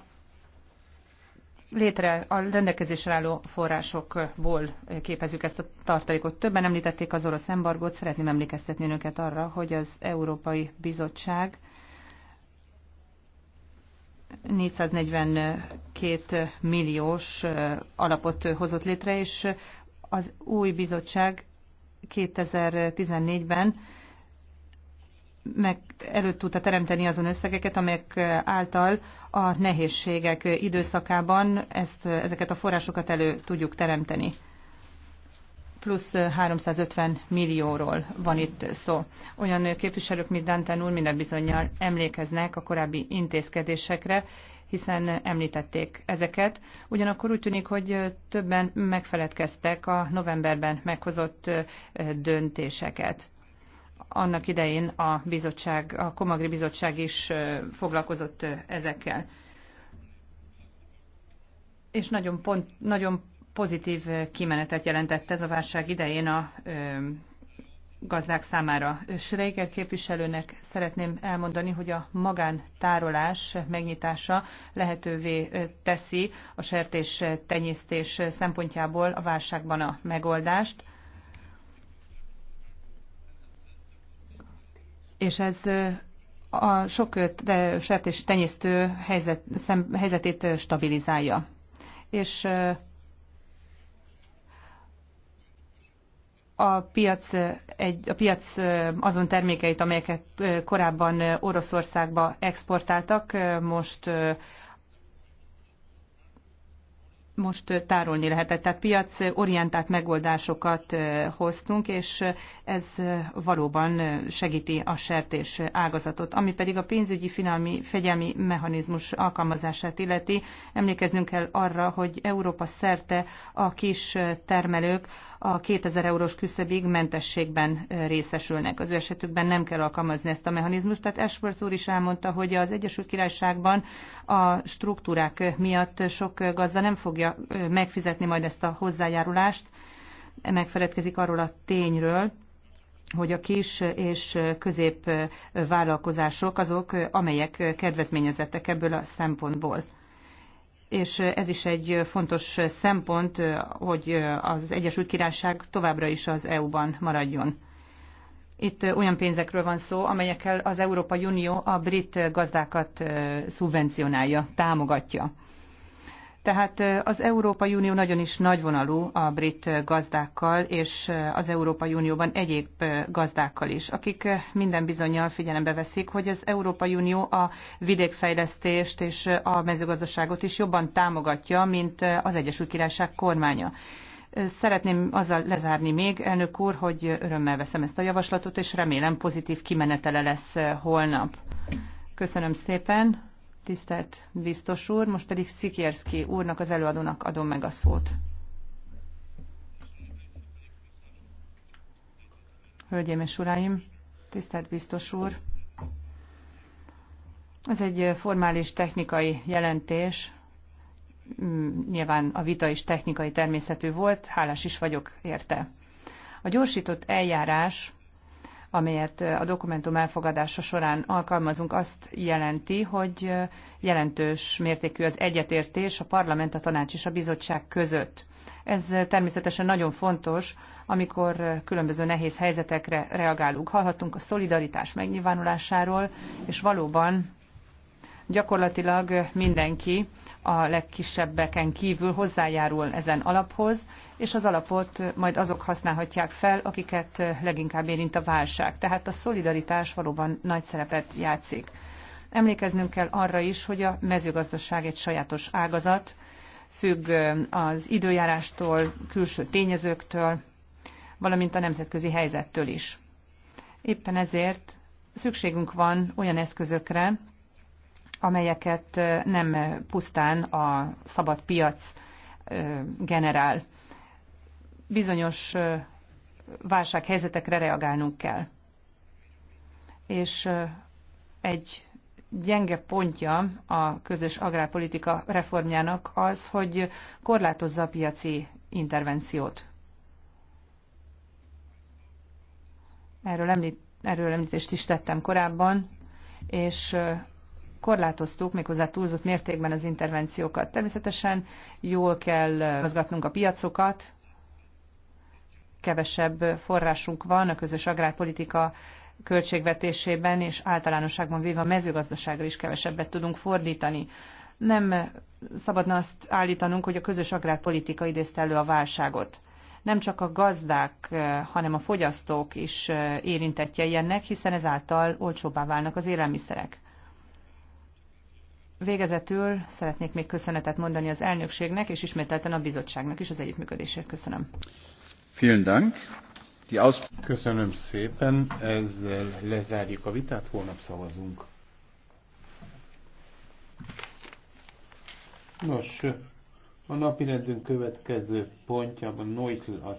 létre a rendelkezésre álló forrásokból képezzük ezt a tartalékot. Többen említették az orosz embargót, szeretném emlékeztetni önöket arra, hogy az Európai Bizottság 442 milliós alapot hozott létre, és az új bizottság 2014-ben meg előtt tudta teremteni azon összegeket, amelyek által a nehézségek időszakában ezt, ezeket a forrásokat elő tudjuk teremteni. Plusz 350 millióról van itt szó. Olyan képviselők, mint Dante úr minden bizonyal emlékeznek a korábbi intézkedésekre, hiszen említették ezeket. Ugyanakkor úgy tűnik, hogy többen megfeledkeztek a novemberben meghozott döntéseket annak idején a bizottság, a Komagri Bizottság is foglalkozott ezekkel. És nagyon, pont, nagyon pozitív kimenetet jelentett ez a válság idején a gazdák számára. Schreiger képviselőnek szeretném elmondani, hogy a magántárolás megnyitása lehetővé teszi a sertés tenyésztés szempontjából a válságban a megoldást és ez a sok és tenyésztő helyzet, szem, helyzetét stabilizálja. És a piac, egy, a piac azon termékeit, amelyeket korábban Oroszországba exportáltak, most most tárolni lehetett. Tehát piac orientált megoldásokat hoztunk, és ez valóban segíti a sertés ágazatot. Ami pedig a pénzügyi finalmi fegyelmi mechanizmus alkalmazását illeti, emlékeznünk kell arra, hogy Európa szerte a kis termelők a 2000 eurós küszöbig mentességben részesülnek. Az ő esetükben nem kell alkalmazni ezt a mechanizmust, tehát Ashworth úr is elmondta, hogy az Egyesült Királyságban a struktúrák miatt sok gazda nem fogja fogja megfizetni majd ezt a hozzájárulást, megfeledkezik arról a tényről, hogy a kis és közép vállalkozások azok, amelyek kedvezményezettek ebből a szempontból. És ez is egy fontos szempont, hogy az Egyesült Királyság továbbra is az EU-ban maradjon. Itt olyan pénzekről van szó, amelyekkel az Európai Unió a brit gazdákat szubvencionálja, támogatja. Tehát az Európai Unió nagyon is nagyvonalú a brit gazdákkal, és az Európai Unióban egyéb gazdákkal is, akik minden bizonyal figyelembe veszik, hogy az Európai Unió a vidékfejlesztést és a mezőgazdaságot is jobban támogatja, mint az Egyesült Királyság kormánya. Szeretném azzal lezárni még, elnök úr, hogy örömmel veszem ezt a javaslatot, és remélem pozitív kimenetele lesz holnap. Köszönöm szépen. Tisztelt biztos úr, most pedig Szikérszki úrnak, az előadónak adom meg a szót. Hölgyeim és uraim, tisztelt biztos úr, ez egy formális technikai jelentés, mm, nyilván a vita is technikai természetű volt, hálás is vagyok érte. A gyorsított eljárás amelyet a dokumentum elfogadása során alkalmazunk, azt jelenti, hogy jelentős mértékű az egyetértés a parlament, a tanács és a bizottság között. Ez természetesen nagyon fontos, amikor különböző nehéz helyzetekre reagálunk. Hallhattunk a szolidaritás megnyilvánulásáról, és valóban Gyakorlatilag mindenki a legkisebbeken kívül hozzájárul ezen alaphoz, és az alapot majd azok használhatják fel, akiket leginkább érint a válság. Tehát a szolidaritás valóban nagy szerepet játszik. Emlékeznünk kell arra is, hogy a mezőgazdaság egy sajátos ágazat, függ az időjárástól, külső tényezőktől, valamint a nemzetközi helyzettől is. Éppen ezért szükségünk van olyan eszközökre, amelyeket nem pusztán a szabad piac generál. Bizonyos válsághelyzetekre reagálnunk kell. És egy gyenge pontja a közös agrárpolitika reformjának az, hogy korlátozza a piaci intervenciót. Erről, említ, erről említést is tettem korábban, és korlátoztuk, méghozzá túlzott mértékben az intervenciókat. Természetesen jól kell mozgatnunk a piacokat, kevesebb forrásunk van a közös agrárpolitika költségvetésében, és általánosságban véve a mezőgazdaságra is kevesebbet tudunk fordítani. Nem szabadna azt állítanunk, hogy a közös agrárpolitika idézte elő a válságot nem csak a gazdák, hanem a fogyasztók is érintettjei ennek, hiszen ezáltal olcsóbbá válnak az élelmiszerek. Végezetül szeretnék még köszönetet mondani az elnökségnek és ismételten a bizottságnak is az együttműködésért. Köszönöm. Vielen Dank. Köszönöm szépen, ezzel lezárjuk a vitát, holnap szavazunk. Nos, a napirendünk következő pontjában Neutl az